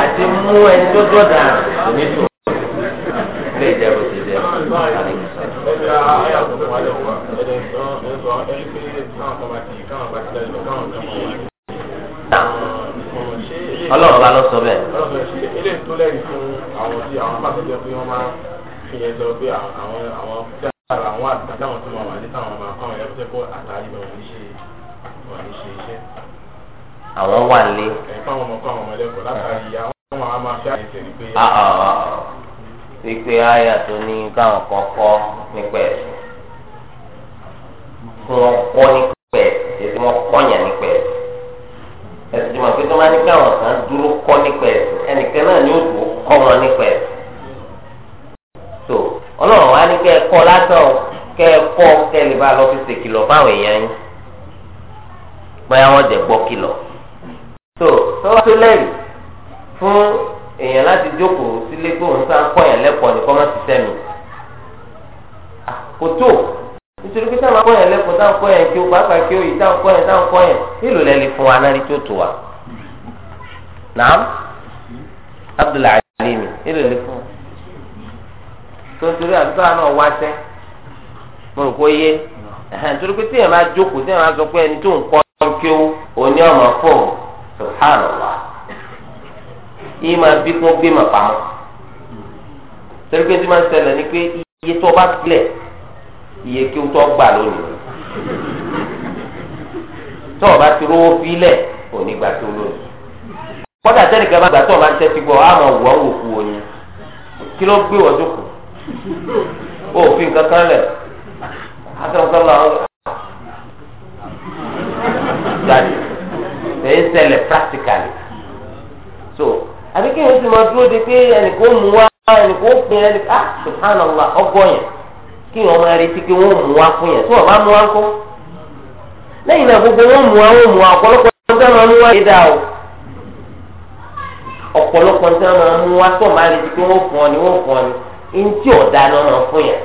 àti mú ẹni tó dọ̀dà onítò ilé ọlọ́run bá lọ sọ bẹ́ẹ̀ ìyẹn sọ pé àwọn àwọn dára àwọn àtàkì àwọn tó máa wà nípa àwọn máa kọ́ àwọn ẹ̀rọ tẹ́kọ̀ọ́ àtàrí bẹ̀ wọ́n ṣe wọ́n ní ṣe iṣẹ́. àwọn wà lé. ẹ̀fọ́ àwọn ọmọ kọ́ àwọn ọmọ ẹlẹ́kọ̀ọ́ látàrí àwọn máa máa ṣe àìsàn pé. wípé ah, ah, ah, àyà tó ní káwọn kan kọ́ nípa ẹ̀sìn kí wọ́n kọ́ nípa ẹ̀sìn èyí wọ́n kọ́yàn nípa ẹ̀sìn ẹ̀sìn tí mo fi tó máa ní káwọn kan dúró kọ́ nípa ẹ̀sìn ẹnìkan náà ni ó dúró kọ́ wọn nípa ẹ̀sìn. kọ́ lásán o kẹ́ ẹ kọ́ tẹ́lẹ̀ bá lọ fi ṣe kìlọ̀ fáwọn èèyàn yín bóyá wọ́n jẹ́ gbọ́ kìlọ̀ tó tọ́wọ́ tó lẹ́rìí fún èèyàn láti jókòó sílé pé òun sáà ń kọ́ yẹn lẹ́kọ̀ọ́ nìkan má ti sẹ́mi kò tó nítorí pé táwọn akọ́ yẹn lẹ́kọ̀ọ́ táwọn akọ́ yẹn kí o pàápàá kí o yìí táwọn akọ́ yẹn táwọn akọ́ yẹn nílò lẹ́ni fún wa náà ní tó tó wa nàám Abdul Alimi nílò lẹ́ni fún tó ń torí wá sẹ́ mo rò kó yé torí pé téèyàn máa jókòó téèyàn máa sọ pé ẹni tó ń kọ́ kí ó òní ọmọ fò subhanallah yìí máa bí kún gbé mà pamọ́ torí pé tí máa ń ni pé iye tó bá tilẹ̀ iye kí ó tó o bá ti rówó fílẹ̀ òní o bá ń tẹ́tí gbọ́ àmọ̀ wọ́n wò kú oyin kí ló gbé tó òfin kankan lẹ̀ asọ̀kọ́lá jáde èyí ṣẹlẹ̀ practically so àbí kí n sì máa dúró de pé ẹnìkan mú wá ah subhanallah ọgbọ́n yẹn kí wọn máa retí pé wọn mú wá fún yẹn tí wọn bá mú wá ńkọ́ lẹ́yìn náà gbogbo wọn mú wá wọn mú wá ọ̀pọ̀lọpọ̀ máa mú wá yé ntí ọ̀dà ni wọ́n máa fún yẹn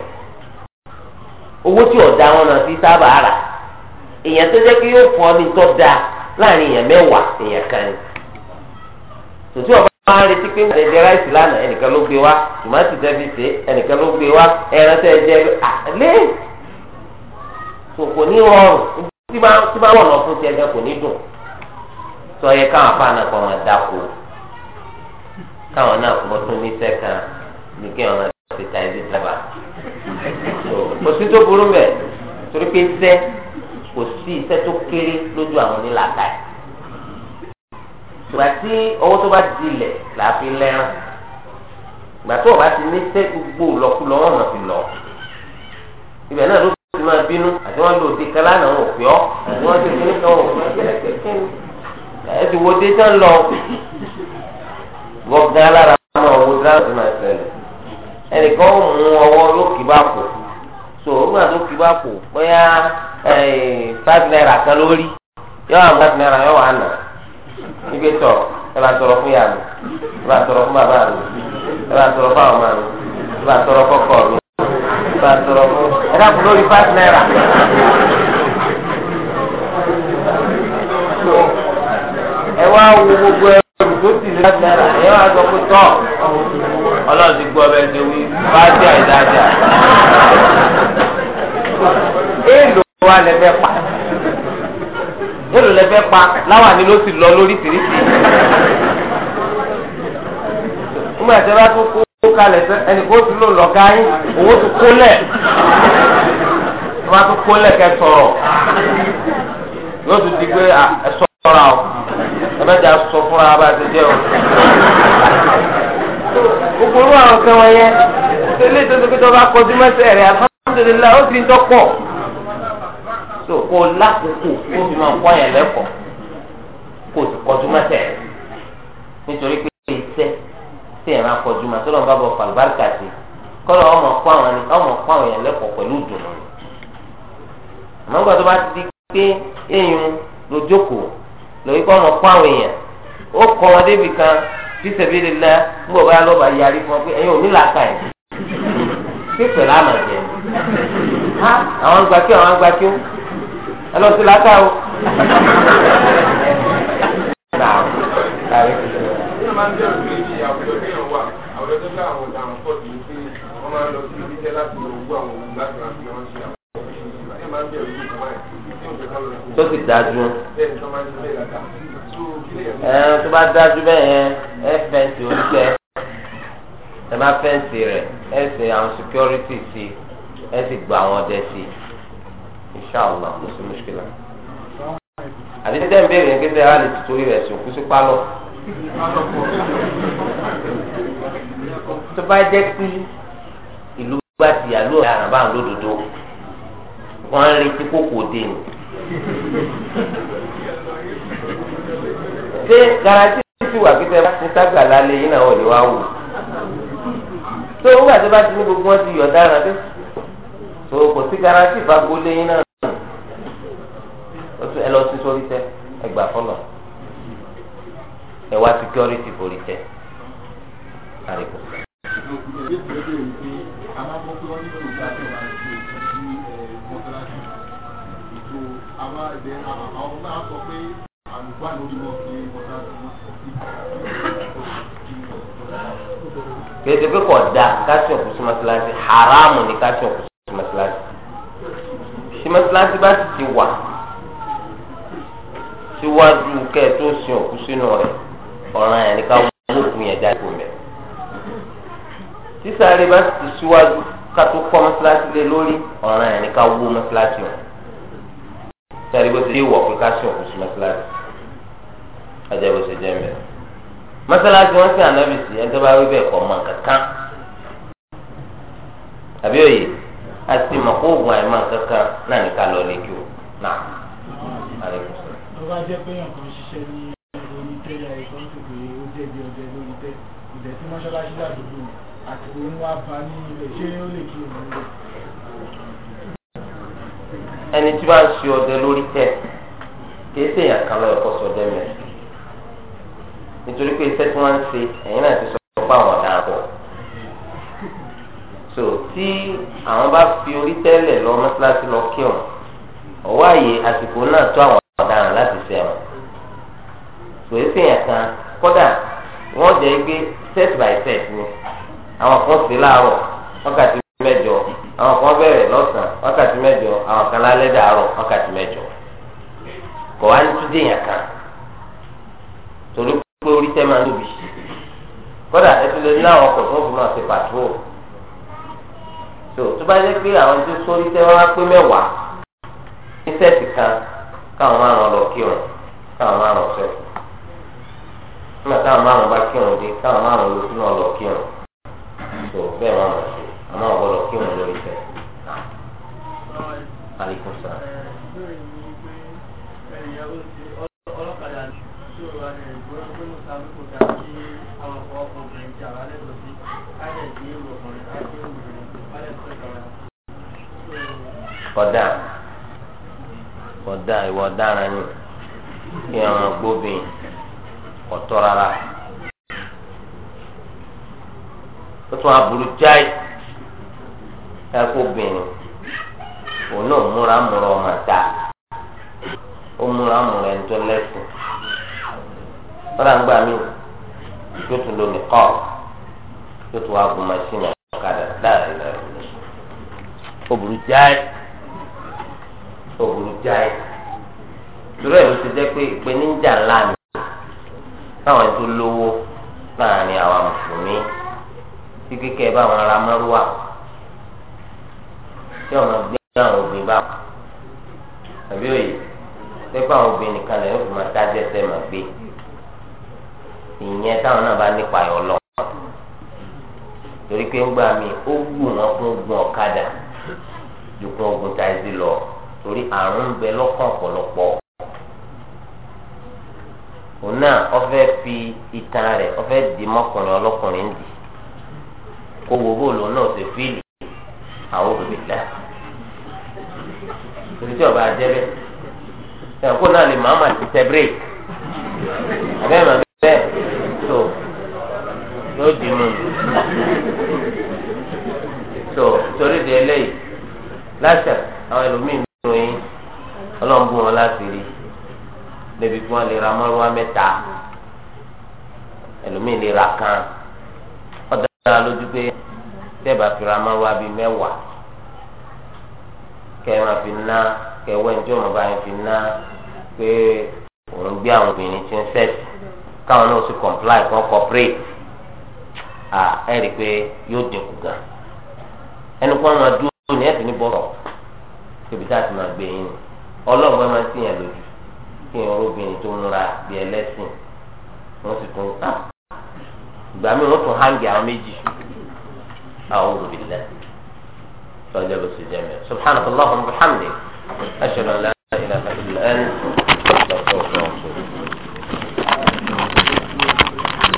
owó tí ọ̀dà wọn náà fi sábà rà èèyàn tó jẹ́ pé yóò fọ́ ní tó da láàrin èèyàn mẹ́wàá èèyàn kan ni tòtí ọba máa ń retí pé ẹ̀jẹ̀ ráìsì lánàá ẹnìkan ló gbé wá tòmátì ẹnìkan ló gbé wá ẹran tẹ́ jẹ́ àlẹ́ kò ní rọrùn tí bá fún tiẹ̀ kò ní dùn sọ yẹ káwọn afáàná kan dáko káwọn náà kọ́ tún ní ní kí títà ẹbí tàbá kò sí tó burú bẹ torí pé iṣẹ́ kò sí iṣẹ́ tó kéré lójú àwọn onílàákà yìí ìgbà tí ọwọ́ tó bá dilẹ̀ là á fi lẹ́rán ìgbà tó o bá ti ní sẹ́ gbogbo lọ́kùlọ́ wọn mọ̀ sí lọ ibẹ̀ náà ló ti máa bínú àti wọn lò dé kálá náà wọn ò fi ọ́ àti wọn ti fi ní kan wọn ẹ ti wo dé tán lọ gbọ̀ngàn alára máa wo dáhùn sí máa ṣẹlẹ̀ ẹnìkan ó mú ọwọ́ lókì bá kù so nígbà tó kì bá kù bóyá five naira kan lórí yọ àwọn five naira yọ wà nà ibi tọ ẹ bá tọrọ fún yàrá ẹ bá tọrọ fún bàbá rẹ ẹ bá tọrọ fún àwọn ọmọ rẹ ẹ bá tọrọ fún ọkọ rẹ ẹ bá tọrọ fún ẹ dàpọ̀ lórí five naira. ẹ wá wo gbogbo ẹ tó sì lé náírà ẹ wá sọ pé tọ́ ọlọ́run ti gbọ́ ọbẹ̀ ṣe wí bá jẹ́ àìdájà. èèlò wa lè fẹ́ pa èèlò lè fẹ́ pa láwọn àní ló sì lọ lóríṣiríṣi. nígbà tí a bá tún kó kalẹ̀ ẹnì kó tún lò lọ́ọ́ ká yín owó tún kó lẹ̀ tí bá tún kó lẹ̀ kẹ́ sọ̀rọ̀ yóò tún di pé ẹ sọ sọ́ra o ẹ̀mẹ́ta sọ fúnra bá ti jẹ́ o. gbogbo irú àwọn kan wọ̀nyẹn ilé ìtọ́jú pé tó bá kọjú mẹ́sẹ̀ rẹ̀ alhamdulillah ó ti ń dọ́pọ̀ so kó lákòókò kó fi máa kọ́ yẹn lẹ́kọ̀ọ́ kó o sì kọjú mẹ́sẹ̀ rẹ̀ nítorí pé iṣẹ́ tí ẹ̀ máa kọjú mẹ́sẹ̀ lọ́nà bá bọ̀ fàlùbáríkà sí kọ́lọ̀ ọmọ kọ́ àwọn yẹn lẹ́kọ̀ọ́ pẹ̀lú ìdùnnú àmọ́ gbọ́dọ̀ bá ti di pé èèyàn lójókòó lórí kọ́ ọmọ kó àwọn èèyàn ó kọ́ wọn débi kan tí sẹ̀bi lè lẹ́ nígbà bá lọ́ba yarí fún ọ pé ẹ̀yin ò ní làákà ẹ̀ pípẹ́ láàmà jẹ́ ha àwọn agbákí àwọn agbákí ẹ lọ sí làákà o. Thank you. tó sì dájú. ẹ tó bá dájú bẹ́ẹ̀ yẹn ẹ fẹ́ǹsì oníṣẹ́ ẹ má fẹ́ǹsì rẹ̀ ẹ sì àwọn security sí ẹ sì gba àwọn ọdẹ sí inṣàlá kò sí mùsùlùmí. àti tẹ́ ń béèrè yẹn kí sẹ́yà lè torí rẹ̀ sòkú sí pálọ̀. tó bá jẹ́ pé ìlú gbàtìyà ló ń daràn bá ń lódodo wọ́n ń retí kókò dé ni. ṣé garanti ti wà kí tẹ bá ti sábà lálẹ́ yìí náà wá wò tó o gbà bá ti ní gbogbo wọn ti yọ dára dé tó kò sí garanti fagolé yìí náà ẹ lọ sí sórí tẹ ẹ gbà fọlọ ẹ wá forí tẹ àríkò. kéde pé kò da káṣíọ̀ kù sí mọ́sálásí haramu ni káṣíọ̀ kù sí mọ́sálásí bá sì ti wà síwájú kẹ́ tó sin òkú sínú rẹ̀ ọ̀ràn yẹn ni wọ́n òkú yẹn jáde kò mẹ́ sísáré bá sì ti síwájú ká tó kọ́ mọ́sálásí lé lórí ọ̀ràn yẹn ni wó mọ́sálásí ọ̀hún. sáré bó ti wọ̀ fún káṣíọ̀ kò sí mọ́sálásí ajá bó ṣe jẹ́ mẹ́rin mọ́sálásí wọ́n sì ànábì sí ẹni tó bá wí bẹ́ẹ̀ kọ́ mọ́ kankan àbí òye àti mọ̀ kó oògùn àìmọ̀ náà ní ká lọ kí o náà àlẹ́ kò sọ. tó bá jẹ́ pé kan ṣiṣẹ́ ní orí ẹ̀kọ́ tó pé ó ọjọ́ lórí tẹ́ ìdẹ̀tí mọ́sálásí làdúgbò àti ẹni tí bá ń ṣe ọdẹ lórí tẹ kìí ṣe èèyàn kan lọ́yọ̀ kó sọdẹ mẹ́rin nítorí pé iṣẹ́ tí wọ́n ń ṣe ẹ̀yìn náà ti sọ pé àwọn ọ̀daràn pọ̀ so tí àwọn bá fi orí tẹ́lẹ̀ lọ mọ́ṣáláṣí lọ kí wọn ọwọ́ àyè àsìkò náà tó àwọn ọ̀daràn láti ṣe wọn kò ṣe èèyàn kan kódà wọ́n jẹ́ gbé set by set ni àwọn kan ṣe láàárọ̀ wákàtí mẹ́jọ àwọn kan bẹ̀rẹ̀ lọ́sàn wákàtí mẹ́jọ àwọn kan lálẹ́ dàárọ̀ wákàtí mẹ́jọ kò wá ní túndé yàn kan torí pé orí tẹ́ máa ń lóbi kódà ẹtú lè ọkọ̀ tó ń fún wọn ṣe pàtró tó tó bá jẹ́ pé àwọn tó sórí tẹ́ á pé mẹ́wàá ní sẹ́ẹ̀tì kan káwọn lọ kírun káwọn sẹ́ẹ̀tì nígbà táwọn bá kírun ọlọ kírun tó bẹ́ẹ̀ mọ̀ sí. àmọ́ ọ̀gbọ́dọ̀ kí wọn lórí fẹ́. Aleykum salaam. ọlọ́kadà ṣòro ìwọ dára ni kí ọmọ gbóbin ọ̀tọ̀ rárá ó tún aburú jáì ẹkọ bìnrin òun náà múra múra ọmọ ta ó múra múra ẹni tó lẹ́sìn wọn à ń gbà mí yóò tún lónìí kọ́ yóò tún wá gun machine ọ̀kadà láàrin láàrin obìnrin jáì obìnrin jáì torí ẹ̀ ló ti jẹ́ pé ìpèníjà ńlá ni táwọn tó lówó láàrin àwọn mùsùlùmí tí kíkẹ́ bá wọn ra mọ́rúwà. tí ọmọ gbé àwọn obìnrin bá àbí òye pépà àwọn obìnrin nìkan lẹ́yìn òfin máa tájẹ́ ẹsẹ̀ máa gbé ìyẹn táwọn náà bá nípa ẹ̀ ọlọ́ torí pé ń gbà mí ó gbù wọn fún gun ọ̀kadà ogun táìsì lọ torí àrùn ń bẹ lọ́kàn ọ̀pọ̀lọpọ̀ òun náà ọfẹ́ itan rẹ̀ ọfẹ́ dì mọ́kùnrin àwọn olùdílé torí tí ọba àjẹbẹ ẹ̀kọ́ náà lè máa ma ti tẹ break abẹ́ màá bẹ́ẹ̀ so yóò dì mú so torí di eléyìí láṣà àwọn ẹlòmíín nínú yín ọlọ́run bù wọn láti rí débi kí wọ́n lè ra mọ́rúwá mẹ́ta ẹlòmíín lè ra kan ọ̀dọ́ dára lójú pé tẹ́ẹ̀bà fira máa wá bíi mẹ́wàá kẹ́ẹ̀ máa fi ná kẹ́wẹ́ ní tí òun bá yẹn fi ná pé òun gbé àwọn obìnrin tí ń sẹ́ẹ̀tì káwọn náà sì comply kan cooperate à ẹ̀ rí i pé yóò dínkù gan ẹnu kó máa dúró ní ẹ̀sìn ní bọ́ọ̀rọ̀ tóbi tá a ti máa gbé yín ọlọ́run máa ń lójú kí tó bíi ẹlẹ́sìn wọ́n sì tún ìgbà tún àwọn méjì أعوذ بالله فأجاب السجامية سبحانك اللهم وبحمدك أشهد أن لا إله إلا أنت